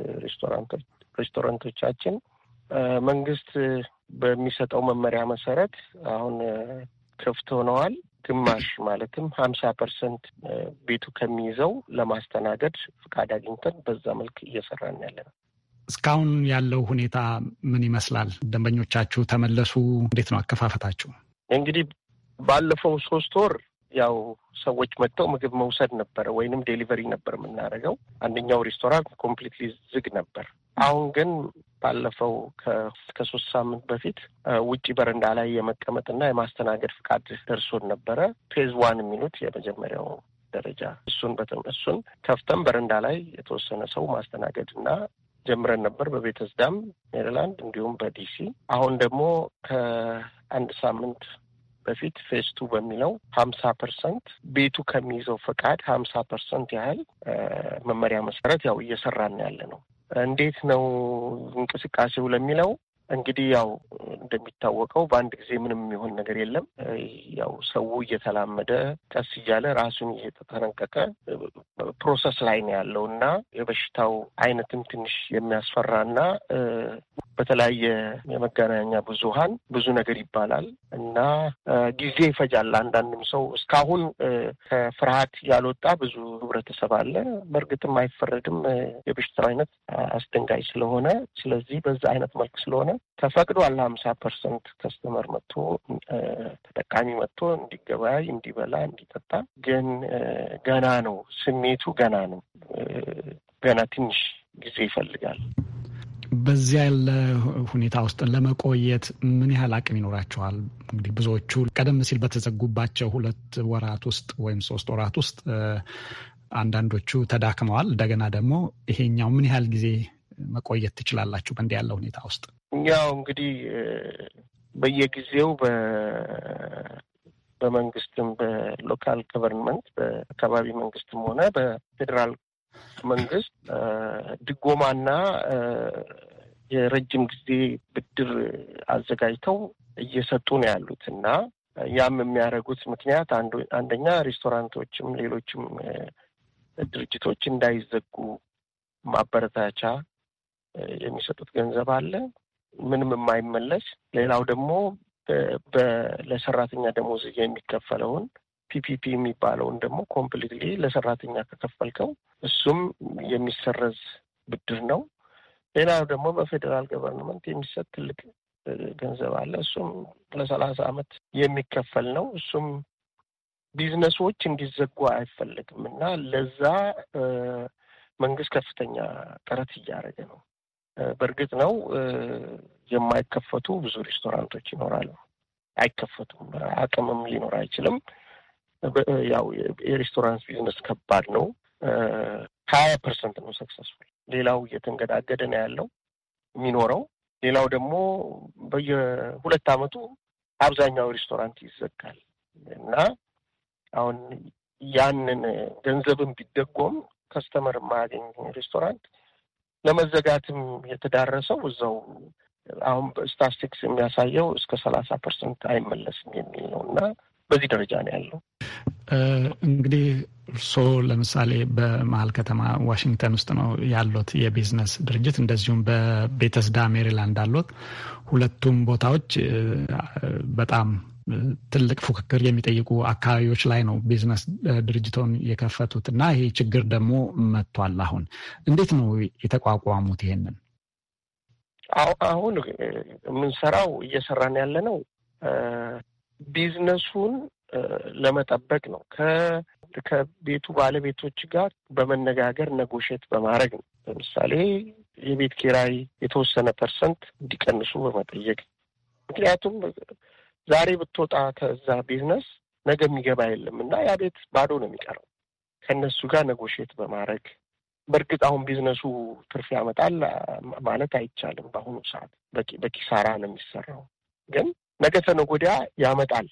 ሬስቶራንቶቻችን መንግስት በሚሰጠው መመሪያ መሰረት አሁን ክፍት ሆነዋል። ግማሽ ማለትም ሀምሳ ፐርሰንት ቤቱ ከሚይዘው ለማስተናገድ ፍቃድ አግኝተን በዛ መልክ እየሰራን ያለ ነው። እስካሁን ያለው ሁኔታ ምን ይመስላል? ደንበኞቻችሁ ተመለሱ? እንዴት ነው አከፋፈታችሁ? እንግዲህ ባለፈው ሶስት ወር ያው ሰዎች መጥተው ምግብ መውሰድ ነበረ ወይንም ዴሊቨሪ ነበር የምናደርገው። አንደኛው ሬስቶራንት ኮምፕሊትሊ ዝግ ነበር። አሁን ግን ባለፈው ከሶስት ሳምንት በፊት ውጭ በረንዳ ላይ የመቀመጥና የማስተናገድ ፍቃድ ደርሶን ነበረ። ፌዝ ዋን የሚሉት የመጀመሪያው ደረጃ እሱን እሱን ከፍተን በረንዳ ላይ የተወሰነ ሰው ማስተናገድ እና ጀምረን ነበር በቤተስዳም ሜሪላንድ፣ እንዲሁም በዲሲ አሁን ደግሞ ከአንድ ሳምንት በፊት ፌስቱ በሚለው ሀምሳ ፐርሰንት ቤቱ ከሚይዘው ፈቃድ ሀምሳ ፐርሰንት ያህል መመሪያ መሰረት ያው እየሰራን ያለ ነው። እንዴት ነው እንቅስቃሴው ለሚለው እንግዲህ ያው እንደሚታወቀው በአንድ ጊዜ ምንም የሚሆን ነገር የለም። ያው ሰው እየተላመደ ቀስ እያለ ራሱን እየተጠነቀቀ ፕሮሰስ ላይ ነው ያለው እና የበሽታው አይነትም ትንሽ የሚያስፈራ እና በተለያየ የመገናኛ ብዙሀን ብዙ ነገር ይባላል እና ጊዜ ይፈጃል። አንዳንድም ሰው እስካሁን ከፍርሃት ያልወጣ ብዙ ህብረተሰብ አለ። በእርግጥም አይፈረድም የበሽታው አይነት አስደንጋጭ ስለሆነ፣ ስለዚህ በዛ አይነት መልክ ስለሆነ ተፈቅዷል ሀምሳ ፐርሰንት ከስተመር መጥቶ ተጠቃሚ መጥቶ እንዲገበያይ፣ እንዲበላ፣ እንዲጠጣ ግን ገና ነው ስሜቱ ገና ነው ገና ትንሽ ጊዜ ይፈልጋል። በዚያ ያለ ሁኔታ ውስጥ ለመቆየት ምን ያህል አቅም ይኖራቸዋል? እንግዲህ ብዙዎቹ ቀደም ሲል በተዘጉባቸው ሁለት ወራት ውስጥ ወይም ሶስት ወራት ውስጥ አንዳንዶቹ ተዳክመዋል። እንደገና ደግሞ ይሄኛው ምን ያህል ጊዜ መቆየት ትችላላችሁ በእንዲህ ያለ ሁኔታ ውስጥ? ያው እንግዲህ በየጊዜው በመንግስትም በሎካል ገቨርንመንት በአካባቢ መንግስትም ሆነ በፌዴራል መንግስት ድጎማና የረጅም ጊዜ ብድር አዘጋጅተው እየሰጡ ነው ያሉት እና ያም የሚያደርጉት ምክንያት አንደኛ ሬስቶራንቶችም ሌሎችም ድርጅቶች እንዳይዘጉ ማበረታቻ የሚሰጡት ገንዘብ አለ፣ ምንም የማይመለስ ሌላው ደግሞ ለሰራተኛ ደሞዝ የሚከፈለውን ፒፒፒ የሚባለውን ደግሞ ኮምፕሊትሊ ለሰራተኛ ከከፈልከው እሱም የሚሰረዝ ብድር ነው። ሌላ ደግሞ በፌዴራል ገቨርንመንት የሚሰጥ ትልቅ ገንዘብ አለ። እሱም ለሰላሳ አመት የሚከፈል ነው። እሱም ቢዝነሶች እንዲዘጉ አይፈለግም እና ለዛ መንግስት ከፍተኛ ጥረት እያደረገ ነው። በእርግጥ ነው የማይከፈቱ ብዙ ሬስቶራንቶች ይኖራሉ። አይከፈቱም። አቅምም ሊኖር አይችልም። ያው የሬስቶራንት ቢዝነስ ከባድ ነው። ሀያ ፐርሰንት ነው ሰክሰስፉል። ሌላው እየተንገዳገደ ነው ያለው የሚኖረው። ሌላው ደግሞ በየሁለት አመቱ አብዛኛው ሬስቶራንት ይዘጋል እና አሁን ያንን ገንዘብን ቢደጎም ከስተመር የማያገኝ ሬስቶራንት ለመዘጋትም የተዳረሰው እዛው አሁን ስታስቲክስ የሚያሳየው እስከ ሰላሳ ፐርሰንት አይመለስም የሚል ነው እና በዚህ ደረጃ ነው ያለው። እንግዲህ እርስዎ ለምሳሌ በመሀል ከተማ ዋሽንግተን ውስጥ ነው ያሉት የቢዝነስ ድርጅት፣ እንደዚሁም በቤተስዳ ሜሪላንድ አሉት። ሁለቱም ቦታዎች በጣም ትልቅ ፉክክር የሚጠይቁ አካባቢዎች ላይ ነው ቢዝነስ ድርጅቶን የከፈቱት እና ይሄ ችግር ደግሞ መጥቷል። አሁን እንዴት ነው የተቋቋሙት? ይሄንን አሁን የምንሰራው እየሰራን ያለ ነው ቢዝነሱን ለመጠበቅ ነው። ከቤቱ ባለቤቶች ጋር በመነጋገር ነጎሼት በማድረግ ነው። ለምሳሌ የቤት ኪራይ የተወሰነ ፐርሰንት እንዲቀንሱ በመጠየቅ ምክንያቱም ዛሬ ብትወጣ ከዛ ቢዝነስ ነገ የሚገባ የለም እና ያ ቤት ባዶ ነው የሚቀረው። ከእነሱ ጋር ነጎሼት በማድረግ በእርግጥ አሁን ቢዝነሱ ትርፍ ያመጣል ማለት አይቻልም። በአሁኑ ሰዓት በኪሳራ ነው የሚሰራው። ግን ነገ ተነገ ወዲያ ያመጣል።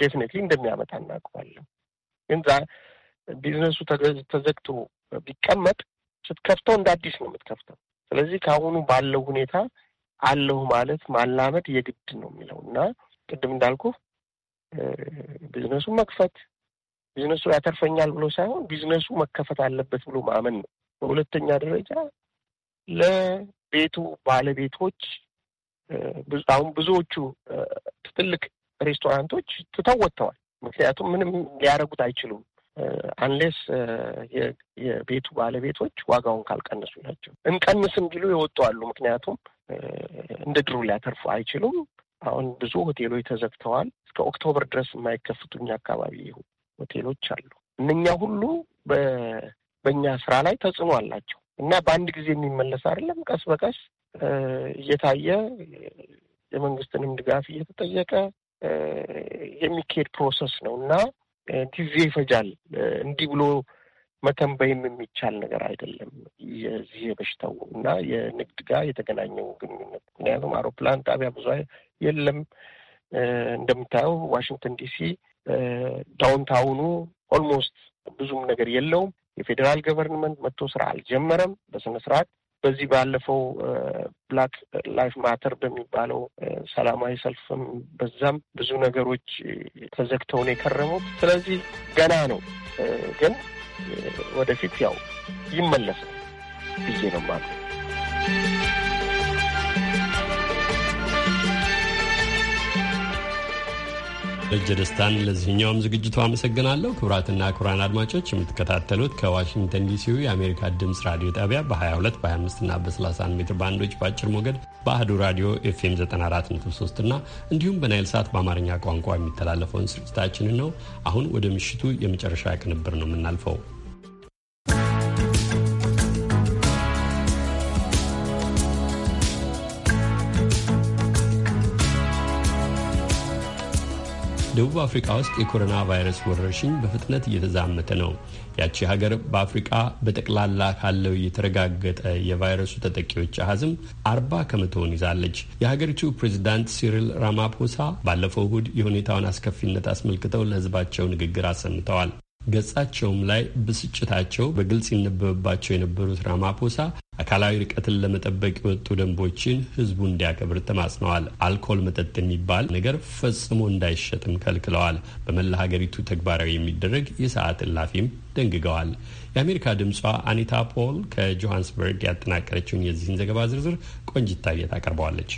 ዴፊኔትሊ እንደሚያመጣ እናውቀዋለን። ግን ቢዝነሱ ተዘግቶ ቢቀመጥ ስትከፍተው እንደ አዲስ ነው የምትከፍተው። ስለዚህ ከአሁኑ ባለው ሁኔታ አለሁ ማለት ማላመድ የግድ ነው የሚለው እና ቅድም እንዳልኩ ቢዝነሱ መክፈት ቢዝነሱ ያተርፈኛል ብሎ ሳይሆን ቢዝነሱ መከፈት አለበት ብሎ ማመን ነው። በሁለተኛ ደረጃ ለቤቱ ባለቤቶች አሁን ብዙዎቹ ትልቅ ሬስቶራንቶች ትተው ወጥተዋል። ምክንያቱም ምንም ሊያደርጉት አይችሉም አንሌስ የቤቱ ባለቤቶች ዋጋውን ካልቀነሱ ናቸው። እንቀንስም ቢሉ የወጡ አሉ። ምክንያቱም እንደ ድሮ ሊያተርፉ አይችሉም። አሁን ብዙ ሆቴሎች ተዘግተዋል። እስከ ኦክቶበር ድረስ የማይከፍቱኝ አካባቢ ሆቴሎች አሉ። እነኛ ሁሉ በእኛ ስራ ላይ ተጽዕኖ አላቸው እና በአንድ ጊዜ የሚመለስ አይደለም። ቀስ በቀስ እየታየ የመንግስትንም ድጋፍ እየተጠየቀ የሚካሄድ ፕሮሰስ ነው እና ጊዜ ይፈጃል። እንዲህ ብሎ መተንበይም የሚቻል ነገር አይደለም። የዚህ የበሽታው እና የንግድ ጋር የተገናኘው ግንኙነት ምክንያቱም አውሮፕላን ጣቢያ ብዙ የለም። እንደምታየው ዋሽንግተን ዲሲ ዳውንታውኑ ኦልሞስት ብዙም ነገር የለውም። የፌዴራል ገቨርንመንት መጥቶ ስራ አልጀመረም በስነ ስርዓት በዚህ ባለፈው ብላክ ላይፍ ማተር በሚባለው ሰላማዊ ሰልፍም በዛም ብዙ ነገሮች ተዘግተው የከረሙት። ስለዚህ ገና ነው፣ ግን ወደፊት ያው ይመለሳል ብዬ ነው ማለት ደረጀ ደስታን ለዚህኛውም ዝግጅቱ አመሰግናለሁ። ክቡራትና ክቡራን አድማጮች የምትከታተሉት ከዋሽንግተን ዲሲው የአሜሪካ ድምፅ ራዲዮ ጣቢያ በ22 በ25ና በ31 ሜትር ባንዶች በአጭር ሞገድ በአህዱ ራዲዮ ኤፍኤም 94.3 እና እንዲሁም በናይል ሰዓት በአማርኛ ቋንቋ የሚተላለፈውን ስርጭታችንን ነው። አሁን ወደ ምሽቱ የመጨረሻ ቅንብር ነው የምናልፈው። ደቡብ አፍሪካ ውስጥ የኮሮና ቫይረስ ወረርሽኝ በፍጥነት እየተዛመተ ነው። ያቺ ሀገር በአፍሪቃ በጠቅላላ ካለው የተረጋገጠ የቫይረሱ ተጠቂዎች አሀዝም አርባ ከመቶውን ይዛለች። የሀገሪቱ ፕሬዚዳንት ሲሪል ራማፖሳ ባለፈው እሁድ የሁኔታውን አስከፊነት አስመልክተው ለህዝባቸው ንግግር አሰምተዋል። ገጻቸውም ላይ ብስጭታቸው በግልጽ ይነበብባቸው የነበሩት ራማፖሳ አካላዊ ርቀትን ለመጠበቅ የወጡ ደንቦችን ሕዝቡ እንዲያከብር ተማጽነዋል። አልኮል መጠጥ የሚባል ነገር ፈጽሞ እንዳይሸጥም ከልክለዋል። በመላ ሀገሪቱ ተግባራዊ የሚደረግ የሰዓት እላፊም ደንግገዋል። የአሜሪካ ድምጿ አኒታ ፖል ከጆሃንስበርግ ያጠናቀረችውን የዚህን ዘገባ ዝርዝር ቆንጅታየት አቀርበዋለች።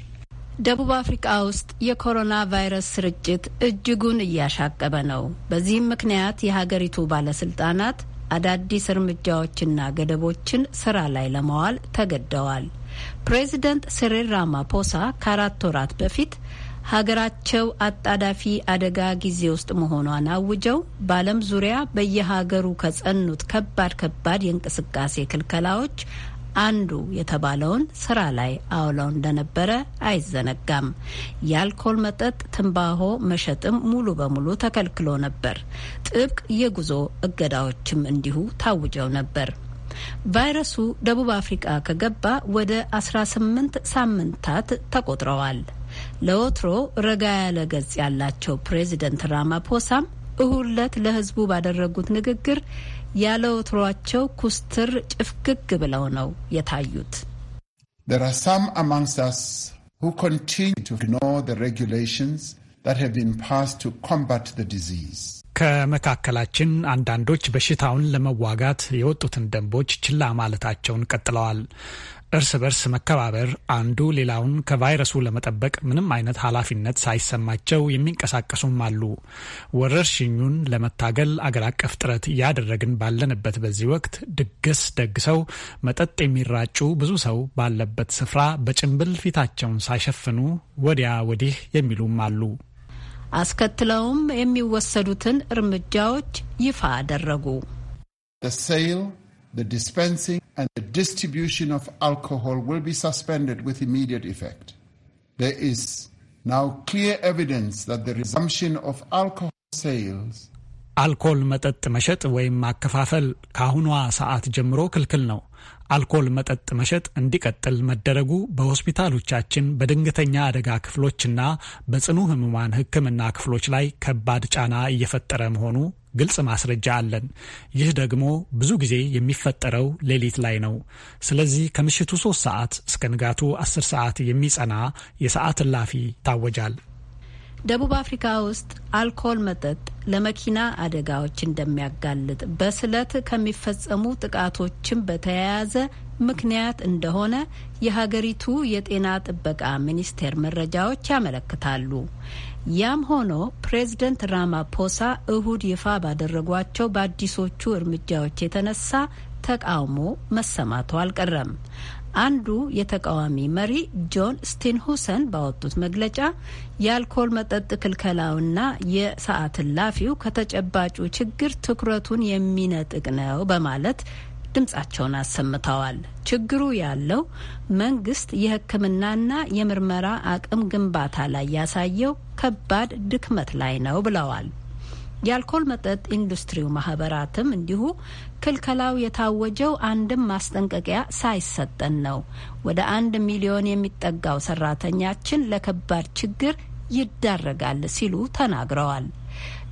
ደቡብ አፍሪካ ውስጥ የኮሮና ቫይረስ ስርጭት እጅጉን እያሻቀበ ነው። በዚህም ምክንያት የሀገሪቱ ባለስልጣናት አዳዲስ እርምጃዎችና ገደቦችን ስራ ላይ ለመዋል ተገደዋል። ፕሬዚደንት ሲሪል ራማፖሳ ከአራት ወራት በፊት ሀገራቸው አጣዳፊ አደጋ ጊዜ ውስጥ መሆኗን አውጀው በዓለም ዙሪያ በየሀገሩ ከጸኑት ከባድ ከባድ የእንቅስቃሴ ክልከላዎች አንዱ የተባለውን ስራ ላይ አውለው እንደነበረ አይዘነጋም። የአልኮል መጠጥ፣ ትንባሆ መሸጥም ሙሉ በሙሉ ተከልክሎ ነበር። ጥብቅ የጉዞ እገዳዎችም እንዲሁ ታውጀው ነበር። ቫይረሱ ደቡብ አፍሪቃ ከገባ ወደ 18 ሳምንታት ተቆጥረዋል። ለወትሮ ረጋ ያለ ገጽ ያላቸው ፕሬዚደንት ራማፖሳም እሁድ ዕለት ለህዝቡ ባደረጉት ንግግር ያለ ወትሯቸው ኩስትር ጭፍግግ ብለው ነው የታዩት። ከመካከላችን አንዳንዶች በሽታውን ለመዋጋት የወጡትን ደንቦች ችላ ማለታቸውን ቀጥለዋል። እርስ በርስ መከባበር፣ አንዱ ሌላውን ከቫይረሱ ለመጠበቅ ምንም አይነት ኃላፊነት ሳይሰማቸው የሚንቀሳቀሱም አሉ። ወረርሽኙን ለመታገል አገር አቀፍ ጥረት እያደረግን ባለንበት በዚህ ወቅት ድግስ ደግሰው መጠጥ የሚራጩ ብዙ ሰው ባለበት ስፍራ በጭንብል ፊታቸውን ሳይሸፍኑ ወዲያ ወዲህ የሚሉም አሉ። አስከትለውም የሚወሰዱትን እርምጃዎች ይፋ አደረጉ። the dispensing and the distribution of alcohol will be suspended with immediate effect. There is now clear evidence that the resumption of alcohol sales አልኮል መጠጥ መሸጥ ወይም ማከፋፈል ከአሁኗ ሰዓት ጀምሮ ክልክል ነው። አልኮል መጠጥ መሸጥ እንዲቀጥል መደረጉ በሆስፒታሎቻችን በድንገተኛ አደጋ ክፍሎችና በጽኑ ህሙማን ሕክምና ክፍሎች ላይ ከባድ ጫና እየፈጠረ መሆኑ ግልጽ ማስረጃ አለን። ይህ ደግሞ ብዙ ጊዜ የሚፈጠረው ሌሊት ላይ ነው። ስለዚህ ከምሽቱ ሶስት ሰዓት እስከ ንጋቱ አስር ሰዓት የሚጸና የሰዓት እላፊ ይታወጃል። ደቡብ አፍሪካ ውስጥ አልኮል መጠጥ ለመኪና አደጋዎች እንደሚያጋልጥ በስለት ከሚፈጸሙ ጥቃቶችም በተያያዘ ምክንያት እንደሆነ የሀገሪቱ የጤና ጥበቃ ሚኒስቴር መረጃዎች ያመለክታሉ። ያም ሆኖ ፕሬዝደንት ራማፖሳ እሁድ ይፋ ባደረጓቸው በአዲሶቹ እርምጃዎች የተነሳ ተቃውሞ መሰማቱ አልቀረም። አንዱ የተቃዋሚ መሪ ጆን ስቲንሁሰን ባወጡት መግለጫ የአልኮል መጠጥ ክልከላውና የሰዓት እላፊው ከተጨባጩ ችግር ትኩረቱን የሚነጥቅ ነው በማለት ድምጻቸውን አሰምተዋል። ችግሩ ያለው መንግስት የሕክምናና የምርመራ አቅም ግንባታ ላይ ያሳየው ከባድ ድክመት ላይ ነው ብለዋል። የአልኮል መጠጥ ኢንዱስትሪው ማህበራትም እንዲሁ ክልከላው የታወጀው አንድም ማስጠንቀቂያ ሳይሰጠን ነው። ወደ አንድ ሚሊዮን የሚጠጋው ሰራተኛችን ለከባድ ችግር ይዳረጋል ሲሉ ተናግረዋል።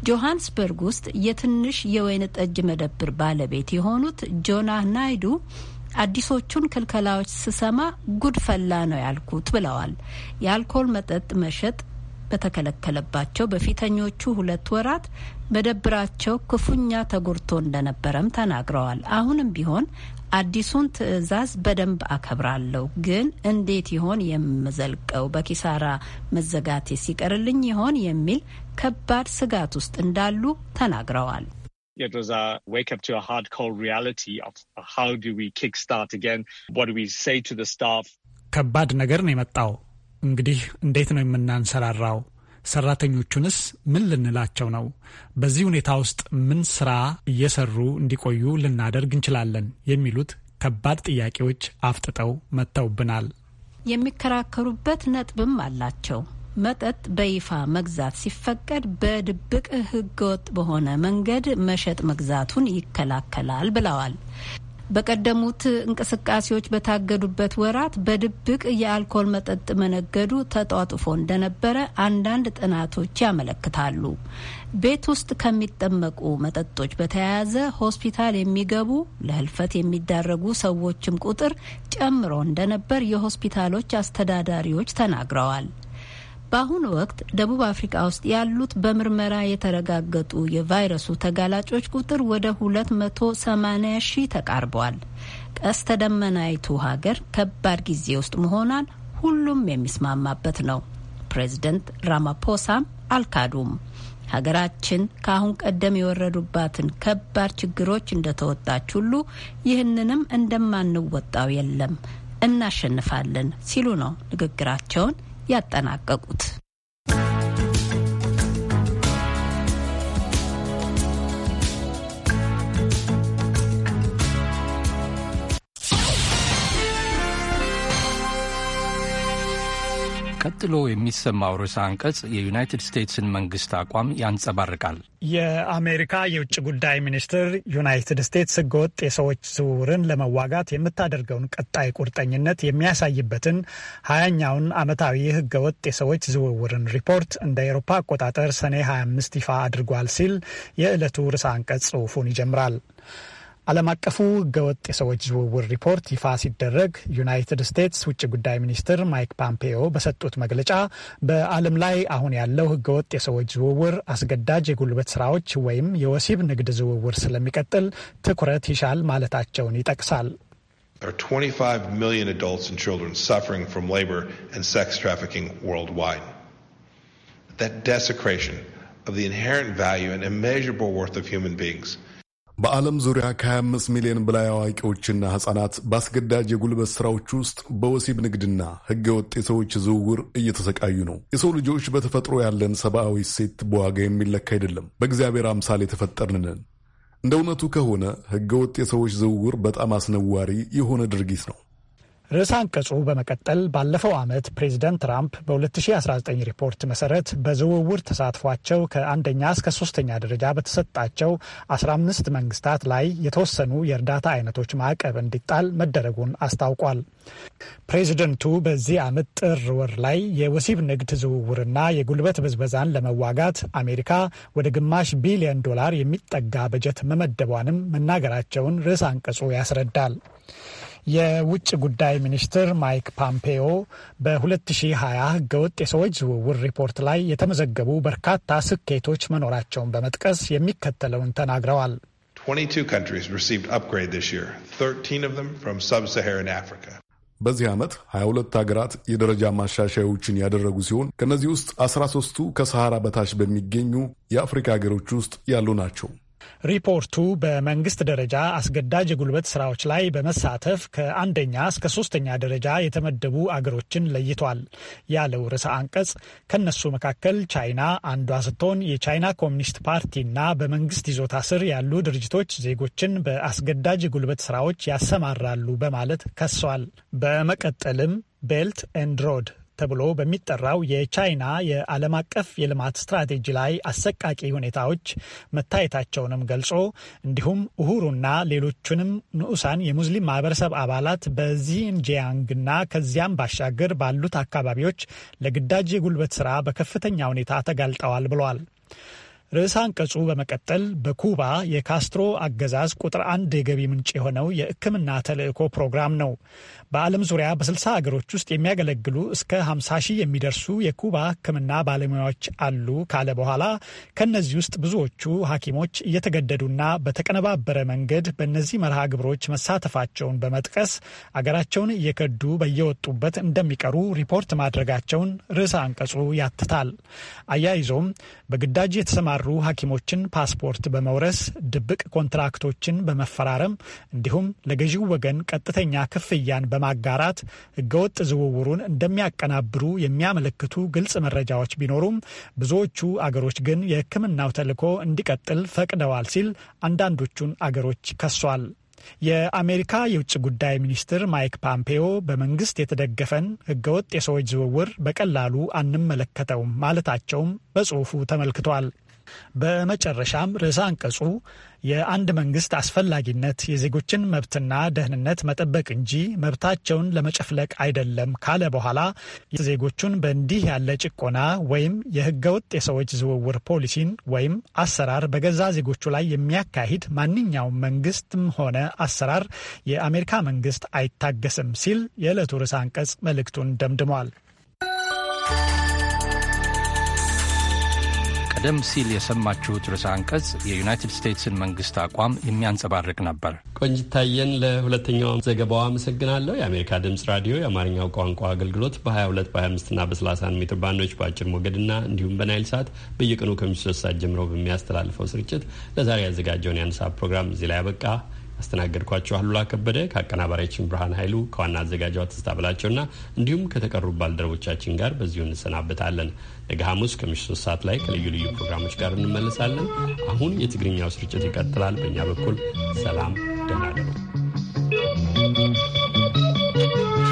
ጆሃንስበርግ ውስጥ የትንሽ የወይን ጠጅ መደብር ባለቤት የሆኑት ጆና ናይዱ አዲሶቹን ክልከላዎች ስሰማ ጉድ ፈላ ነው ያልኩት ብለዋል። የአልኮል መጠጥ መሸጥ በተከለከለባቸው በፊተኞቹ ሁለት ወራት መደብራቸው ክፉኛ ተጎድቶ እንደነበረም ተናግረዋል። አሁንም ቢሆን አዲሱን ትዕዛዝ በደንብ አከብራለሁ። ግን እንዴት ይሆን የምዘልቀው? በኪሳራ መዘጋቴ ሲቀርልኝ ይሆን የሚል ከባድ ስጋት ውስጥ እንዳሉ ተናግረዋል። ከባድ ነገር ነው የመጣው። እንግዲህ እንዴት ነው የምናንሰራራው? ሰራተኞቹንስ ምን ልንላቸው ነው? በዚህ ሁኔታ ውስጥ ምን ስራ እየሰሩ እንዲቆዩ ልናደርግ እንችላለን? የሚሉት ከባድ ጥያቄዎች አፍጥጠው መጥተውብናል። የሚከራከሩበት ነጥብም አላቸው። መጠጥ በይፋ መግዛት ሲፈቀድ በድብቅ ህገወጥ በሆነ መንገድ መሸጥ መግዛቱን ይከላከላል ብለዋል። በቀደሙት እንቅስቃሴዎች በታገዱበት ወራት በድብቅ የአልኮል መጠጥ መነገዱ ተጧጥፎ እንደነበረ አንዳንድ ጥናቶች ያመለክታሉ። ቤት ውስጥ ከሚጠመቁ መጠጦች በተያያዘ ሆስፒታል የሚገቡ ለህልፈት የሚዳረጉ ሰዎችም ቁጥር ጨምሮ እንደነበር የሆስፒታሎች አስተዳዳሪዎች ተናግረዋል። በአሁኑ ወቅት ደቡብ አፍሪካ ውስጥ ያሉት በምርመራ የተረጋገጡ የቫይረሱ ተጋላጮች ቁጥር ወደ 280 ሺህ ተቃርበዋል። ቀስተ ደመናይቱ ሀገር ከባድ ጊዜ ውስጥ መሆኗን ሁሉም የሚስማማበት ነው። ፕሬዝደንት ራማፖሳም አልካዱም። ሀገራችን ከአሁን ቀደም የወረዱባትን ከባድ ችግሮች እንደተወጣች ሁሉ ይህንንም እንደማንወጣው የለም፣ እናሸንፋለን ሲሉ ነው ንግግራቸውን ያጠናቀቁት። ቀጥሎ የሚሰማው ርዕሰ አንቀጽ የዩናይትድ ስቴትስን መንግስት አቋም ያንጸባርቃል። የአሜሪካ የውጭ ጉዳይ ሚኒስትር ዩናይትድ ስቴትስ ህገወጥ የሰዎች ዝውውርን ለመዋጋት የምታደርገውን ቀጣይ ቁርጠኝነት የሚያሳይበትን ሀያኛውን ዓመታዊ ህገወጥ የሰዎች ዝውውርን ሪፖርት እንደ አውሮፓ አቆጣጠር ሰኔ 25 ይፋ አድርጓል ሲል የዕለቱ ርዕሰ አንቀጽ ጽሑፉን ይጀምራል። ዓለም አቀፉ ህገወጥ የሰዎች ዝውውር ሪፖርት ይፋ ሲደረግ ዩናይትድ ስቴትስ ውጭ ጉዳይ ሚኒስትር ማይክ ፖምፔዮ በሰጡት መግለጫ በዓለም ላይ አሁን ያለው ህገወጥ የሰዎች ዝውውር፣ አስገዳጅ የጉልበት ስራዎች ወይም የወሲብ ንግድ ዝውውር ስለሚቀጥል ትኩረት ይሻል ማለታቸውን ይጠቅሳል። There are 25 million adults and children suffering from labor and sex trafficking worldwide. That desecration of the inherent value and immeasurable worth of human beings በዓለም ዙሪያ ከ25 ሚሊዮን በላይ አዋቂዎችና ሕፃናት በአስገዳጅ የጉልበት ሥራዎች ውስጥ በወሲብ ንግድና ወጥ የሰዎች ዝውውር እየተሰቃዩ ነው። የሰው ልጆች በተፈጥሮ ያለን ሰብአዊ ሴት በዋጋ የሚለካ አይደለም። በእግዚአብሔር አምሳል የተፈጠርንን እንደ እውነቱ ከሆነ ወጥ የሰዎች ዝውውር በጣም አስነዋሪ የሆነ ድርጊት ነው። ርዕሰ አንቀጹ በመቀጠል ባለፈው ዓመት ፕሬዚደንት ትራምፕ በ2019 ሪፖርት መሰረት በዝውውር ተሳትፏቸው ከአንደኛ እስከ ሶስተኛ ደረጃ በተሰጣቸው 15 መንግስታት ላይ የተወሰኑ የእርዳታ አይነቶች ማዕቀብ እንዲጣል መደረጉን አስታውቋል። ፕሬዚደንቱ በዚህ ዓመት ጥር ወር ላይ የወሲብ ንግድ ዝውውርና የጉልበት ብዝበዛን ለመዋጋት አሜሪካ ወደ ግማሽ ቢሊዮን ዶላር የሚጠጋ በጀት መመደቧንም መናገራቸውን ርዕሰ አንቀጹ ያስረዳል። የውጭ ጉዳይ ሚኒስትር ማይክ ፖምፔዮ በ2020 ህገወጥ የሰዎች ዝውውር ሪፖርት ላይ የተመዘገቡ በርካታ ስኬቶች መኖራቸውን በመጥቀስ የሚከተለውን ተናግረዋል። 22 countries received upgrade this year, 13 of them from sub-Saharan Africa. በዚህ ዓመት 22 ሀገራት የደረጃ ማሻሻያዎችን ያደረጉ ሲሆን ከእነዚህ ውስጥ 13ቱ ከሰሃራ በታች በሚገኙ የአፍሪካ ሀገሮች ውስጥ ያሉ ናቸው። ሪፖርቱ በመንግስት ደረጃ አስገዳጅ የጉልበት ስራዎች ላይ በመሳተፍ ከአንደኛ እስከ ሶስተኛ ደረጃ የተመደቡ አገሮችን ለይቷል ያለው ርዕሰ አንቀጽ ከነሱ መካከል ቻይና አንዷ ስትሆን የቻይና ኮሚኒስት ፓርቲ እና በመንግስት ይዞታ ስር ያሉ ድርጅቶች ዜጎችን በአስገዳጅ የጉልበት ስራዎች ያሰማራሉ በማለት ከሷል። በመቀጠልም ቤልት ኤንድ ሮድ ተብሎ በሚጠራው የቻይና የዓለም አቀፍ የልማት ስትራቴጂ ላይ አሰቃቂ ሁኔታዎች መታየታቸውንም ገልጾ እንዲሁም እሁሩና ሌሎቹንም ንዑሳን የሙስሊም ማህበረሰብ አባላት በዚንጂያንግና ከዚያም ባሻገር ባሉት አካባቢዎች ለግዳጅ የጉልበት ስራ በከፍተኛ ሁኔታ ተጋልጠዋል ብለዋል። ርዕሰ አንቀጹ በመቀጠል በኩባ የካስትሮ አገዛዝ ቁጥር አንድ የገቢ ምንጭ የሆነው የሕክምና ተልዕኮ ፕሮግራም ነው። በዓለም ዙሪያ በ60 ሀገሮች ውስጥ የሚያገለግሉ እስከ 50 ሺህ የሚደርሱ የኩባ ሕክምና ባለሙያዎች አሉ ካለ በኋላ ከእነዚህ ውስጥ ብዙዎቹ ሐኪሞች እየተገደዱና በተቀነባበረ መንገድ በእነዚህ መርሃ ግብሮች መሳተፋቸውን በመጥቀስ አገራቸውን እየከዱ በየወጡበት እንደሚቀሩ ሪፖርት ማድረጋቸውን ርዕሰ አንቀጹ ያትታል። አያይዞም በግዳጅ የተሰማሩ ሐኪሞችን ፓስፖርት በመውረስ ድብቅ ኮንትራክቶችን በመፈራረም እንዲሁም ለገዢው ወገን ቀጥተኛ ክፍያን በማ በማጋራት ህገወጥ ዝውውሩን እንደሚያቀናብሩ የሚያመለክቱ ግልጽ መረጃዎች ቢኖሩም ብዙዎቹ አገሮች ግን የህክምናው ተልዕኮ እንዲቀጥል ፈቅደዋል ሲል አንዳንዶቹን አገሮች ከሷል። የአሜሪካ የውጭ ጉዳይ ሚኒስትር ማይክ ፓምፔዮ በመንግስት የተደገፈን ህገወጥ የሰዎች ዝውውር በቀላሉ አንመለከተውም ማለታቸውም በጽሁፉ ተመልክቷል። በመጨረሻም ርዕሰ አንቀጹ የአንድ መንግስት አስፈላጊነት የዜጎችን መብትና ደህንነት መጠበቅ እንጂ መብታቸውን ለመጨፍለቅ አይደለም ካለ በኋላ ዜጎቹን በእንዲህ ያለ ጭቆና ወይም የህገወጥ የሰዎች ዝውውር ፖሊሲን ወይም አሰራር በገዛ ዜጎቹ ላይ የሚያካሂድ ማንኛውም መንግስትም ሆነ አሰራር የአሜሪካ መንግስት አይታገስም ሲል የዕለቱ ርዕሰ አንቀጽ መልእክቱን ደምድሟል። ቀደም ሲል የሰማችሁት ርዕሰ አንቀጽ የዩናይትድ ስቴትስን መንግስት አቋም የሚያንጸባርቅ ነበር። ቆንጅታየን ለሁለተኛው ዘገባው አመሰግናለሁ። የአሜሪካ ድምጽ ራዲዮ የአማርኛው ቋንቋ አገልግሎት በ22 በ25ና በ31 ሜትር ባንዶች በአጭር ሞገድና እንዲሁም በናይል ሰዓት በየቀኑ ከምሽቱ ሶስት ሰዓት ጀምሮ በሚያስተላልፈው ስርጭት ለዛሬ ያዘጋጀውን የአንድ ሰዓት ፕሮግራም እዚህ ላይ ያበቃ። አስተናገድኳቸው አሉላ ከበደ ከአቀናባሪያችን ብርሃን ኃይሉ ከዋና አዘጋጇ ትስታ ብላቸውና እንዲሁም ከተቀሩ ባልደረቦቻችን ጋር በዚሁ እንሰናበታለን። ነገ ሐሙስ ከምሽቱ ሶስት ሰዓት ላይ ከልዩ ልዩ ፕሮግራሞች ጋር እንመለሳለን። አሁን የትግርኛው ስርጭት ይቀጥላል። በእኛ በኩል ሰላም፣ ደህና እደሩ።